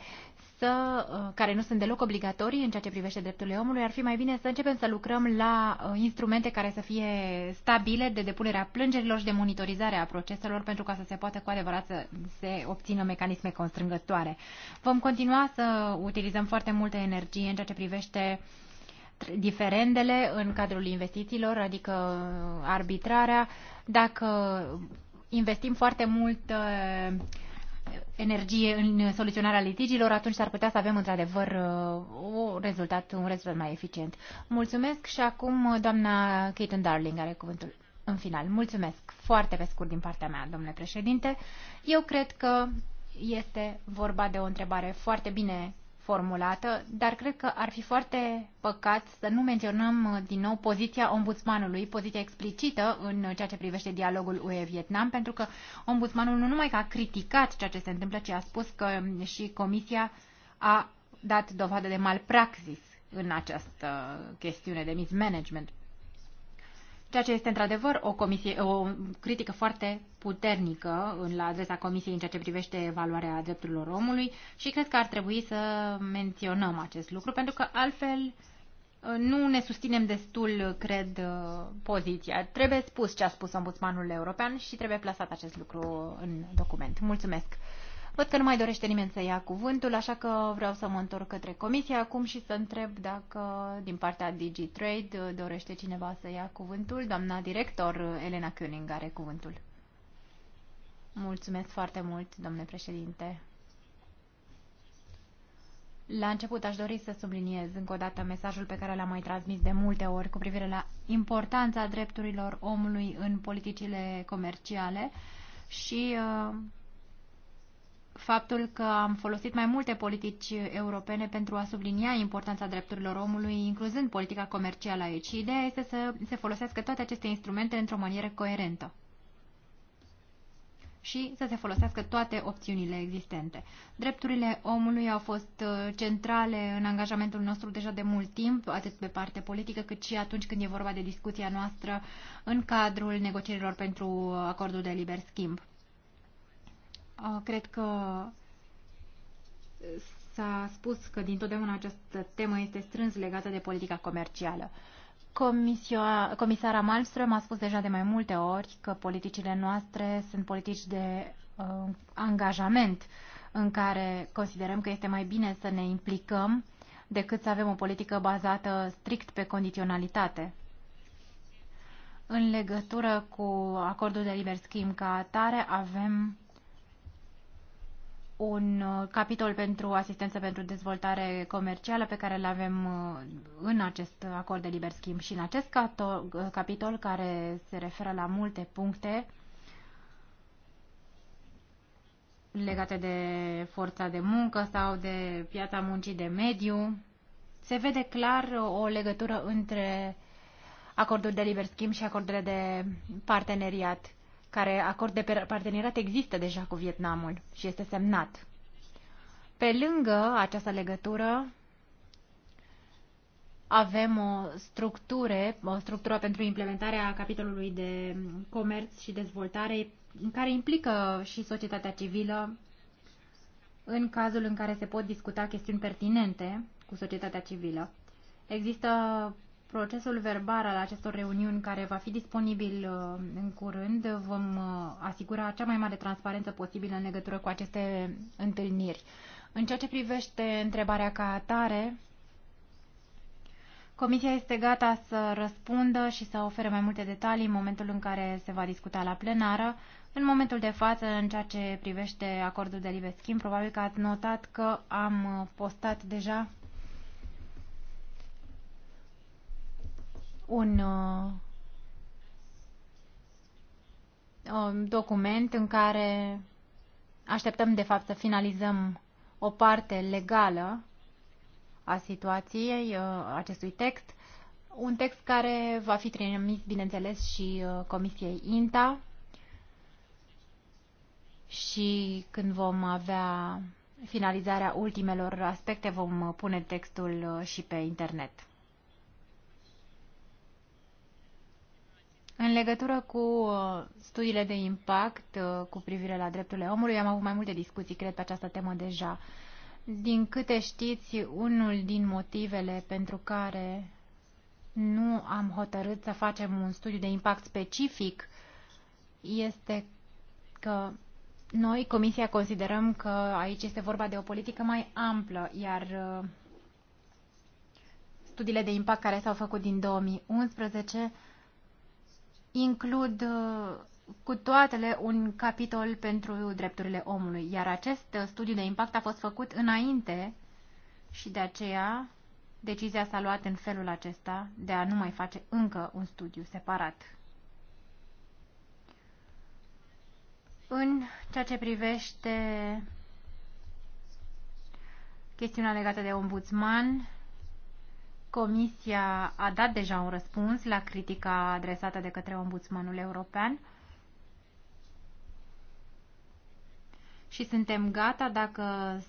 să, uh, care nu sunt deloc obligatorii în ceea ce privește drepturile omului, ar fi mai bine să începem să lucrăm la uh, instrumente care să fie stabile de depunerea plângerilor și de monitorizare a proceselor pentru ca să se poată cu adevărat să se obțină mecanisme constrângătoare. Vom continua să utilizăm foarte multă energie în ceea ce privește uh, diferendele în cadrul investițiilor, adică uh, arbitrarea. Dacă investim foarte mult uh, energie în soluționarea litigilor, atunci s-ar putea să avem într-adevăr un uh, rezultat, un rezultat mai eficient. Mulțumesc și acum doamna Caitlin Darling are cuvântul în final. Mulțumesc foarte pe scurt din partea mea, domnule președinte. Eu cred că este vorba de o întrebare foarte bine formulată, dar cred că ar fi foarte păcat să nu menționăm uh, din nou poziția ombudsmanului, poziția explicită în ceea ce privește dialogul UE-Vietnam, pentru că ombudsmanul nu numai că a criticat ceea ce se întâmplă, ci a spus că um, și Comisia a dat dovadă de malpraxis în această uh, chestiune de mismanagement ceea ce este într-adevăr o, comisie, o critică foarte puternică în la adresa Comisiei în ceea ce privește evaluarea drepturilor omului și cred că ar trebui să menționăm acest lucru, pentru că altfel uh, nu ne susținem destul, cred, uh, poziția. Trebuie spus ce a spus ombudsmanul european și trebuie plasat acest lucru în document. Mulțumesc! Văd că nu mai dorește nimeni să ia cuvântul, așa că vreau să mă întorc către comisie acum și să întreb dacă din partea DigiTrade dorește cineva să ia cuvântul. Doamna director Elena König are cuvântul. Mulțumesc foarte mult, domnule președinte. La început aș dori să subliniez încă o dată mesajul pe care l-am mai transmis de multe ori cu privire la importanța drepturilor omului în politicile comerciale și uh, faptul că am folosit mai multe politici europene pentru a sublinia importanța drepturilor omului, incluzând politica comercială aici. Ideea este să se folosească toate aceste instrumente într-o manieră coerentă și să se folosească toate opțiunile existente. Drepturile omului au fost uh, centrale în angajamentul nostru deja de mult timp, atât pe parte politică, cât și atunci când e vorba de discuția noastră în cadrul negocierilor pentru uh, acordul de liber schimb. Cred că s-a spus că dintotdeauna această temă este strâns legată de politica comercială. Comisioa, comisara Malmström a spus deja de mai multe ori că politicile noastre sunt politici de uh, angajament în care considerăm că este mai bine să ne implicăm decât să avem o politică bazată strict pe condiționalitate. În legătură cu acordul de liber schimb ca atare, avem un uh, capitol pentru asistență pentru dezvoltare comercială pe care îl avem uh, în acest acord de liber schimb și în acest uh, capitol care se referă la multe puncte legate de forța de muncă sau de piața muncii de mediu, se vede clar o legătură între acordul de liber schimb și acordurile de parteneriat care acord de parteneriat există deja cu Vietnamul și este semnat. Pe lângă această legătură, avem o structură, o structură pentru implementarea capitolului de comerț și dezvoltare în care implică și societatea civilă în cazul în care se pot discuta chestiuni pertinente cu societatea civilă. Există procesul verbal al acestor reuniuni care va fi disponibil uh, în curând. Vom uh, asigura cea mai mare transparență posibilă în legătură cu aceste întâlniri. În ceea ce privește întrebarea ca atare, Comisia este gata să răspundă și să ofere mai multe detalii în momentul în care se va discuta la plenară. În momentul de față, în ceea ce privește acordul de liber schimb, probabil că ați notat că am uh, postat deja Uh, un document în care așteptăm, de fapt, să finalizăm o parte legală a situației uh, acestui text, un text care va fi trimis, bineînțeles, și uh, Comisiei INTA și când vom avea finalizarea ultimelor aspecte, vom pune textul și pe internet. În legătură cu uh, studiile de impact uh, cu privire la drepturile omului, am avut mai multe discuții, cred, pe această temă deja. Din câte știți, unul din motivele pentru care nu am hotărât să facem un studiu de impact specific este că noi, Comisia, considerăm că aici este vorba de o politică mai amplă, iar uh, studiile de impact care s-au făcut din 2011 includ uh, cu toatele un capitol pentru drepturile omului, iar acest uh, studiu de impact a fost făcut înainte și de aceea decizia s-a luat în felul acesta de a nu mai face încă un studiu separat. În ceea ce privește chestiunea legată de ombudsman, Comisia a dat deja un răspuns la critica adresată de către Ombudsmanul European și suntem gata dacă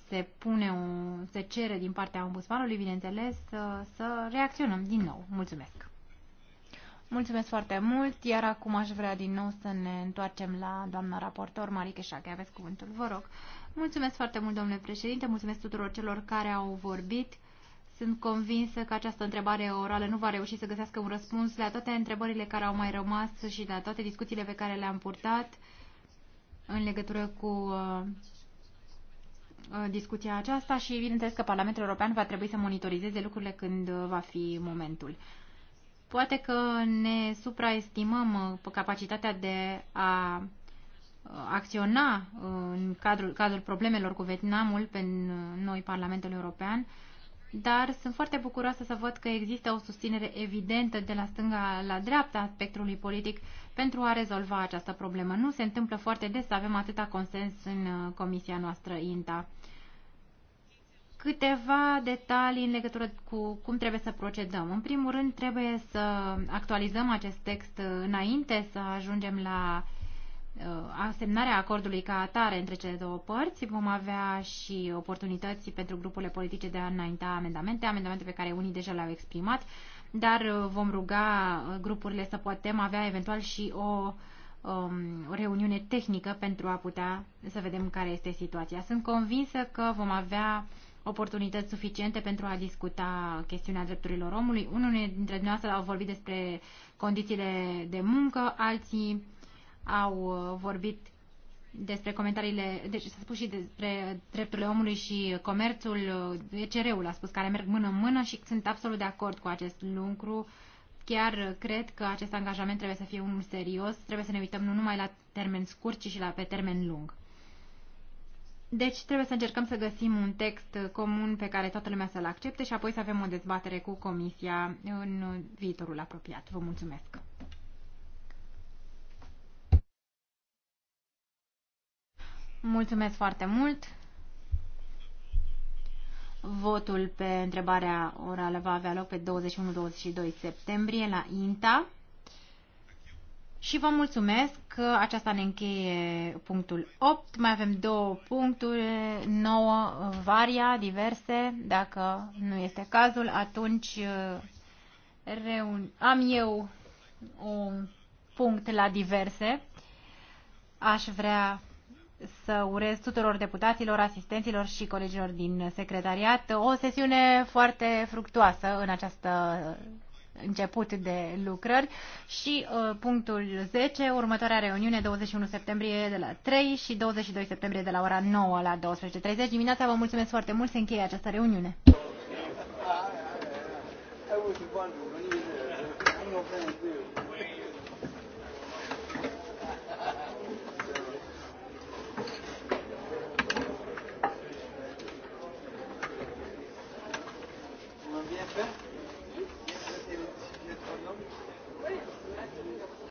se pune un, se cere din partea Ombudsmanului, bineînțeles, să, să reacționăm din nou. Mulțumesc! Mulțumesc foarte mult, iar acum aș vrea din nou să ne întoarcem la doamna raportor Marike Șache. Aveți cuvântul, vă rog. Mulțumesc foarte mult, domnule președinte, mulțumesc tuturor celor care au vorbit. Sunt convinsă că această întrebare orală nu va reuși să găsească un răspuns la toate întrebările care au mai rămas și la toate discuțiile pe care le-am purtat în legătură cu uh, uh, discuția aceasta și bineînțeles că Parlamentul European va trebui să monitorizeze lucrurile când uh, va fi momentul. Poate că ne supraestimăm capacitatea de a acționa în cadrul, cadrul problemelor cu Vietnamul pe noi, Parlamentul European, dar sunt foarte bucuroasă să văd că există o susținere evidentă de la stânga la dreapta a spectrului politic pentru a rezolva această problemă. Nu se întâmplă foarte des să avem atâta consens în uh, comisia noastră INTA. Câteva detalii în legătură cu cum trebuie să procedăm. În primul rând, trebuie să actualizăm acest text uh, înainte să ajungem la uh, Uh, asemnarea acordului ca atare între cele două părți. Vom avea și oportunități pentru grupurile politice de a înainta amendamente, amendamente pe care unii deja le-au exprimat, dar uh, vom ruga uh, grupurile să putem avea eventual și o o um, reuniune tehnică pentru a putea să vedem care este situația. Sunt convinsă că vom avea oportunități suficiente pentru a discuta chestiunea drepturilor omului. Unul dintre dumneavoastră au vorbit despre condițiile de muncă, alții au uh, vorbit despre comentariile, deci s-a spus și despre drepturile omului și comerțul, uh, ECR-ul a spus, care merg mână în mână și sunt absolut de acord cu acest lucru. Chiar cred că acest angajament trebuie să fie unul serios, trebuie să ne uităm nu numai la termen scurt, ci și la pe termen lung. Deci trebuie să încercăm să găsim un text comun pe care toată lumea să-l accepte și apoi să avem o dezbatere cu Comisia în viitorul apropiat. Vă mulțumesc! Mulțumesc foarte mult. Votul pe întrebarea orală va avea loc pe 21-22 septembrie la INTA. Și vă mulțumesc că aceasta ne încheie punctul 8. Mai avem două puncturi, 9 varia, diverse. Dacă nu este cazul, atunci uh, reun... am eu un punct la diverse. Aș vrea să urez tuturor deputaților, asistenților și colegilor din secretariat o sesiune foarte fructuoasă în această uh, început de lucrări și uh, punctul 10, următoarea reuniune 21 septembrie de la 3 și 22 septembrie de la ora 9 la 12.30 dimineața. Vă mulțumesc foarte mult, se încheie această reuniune.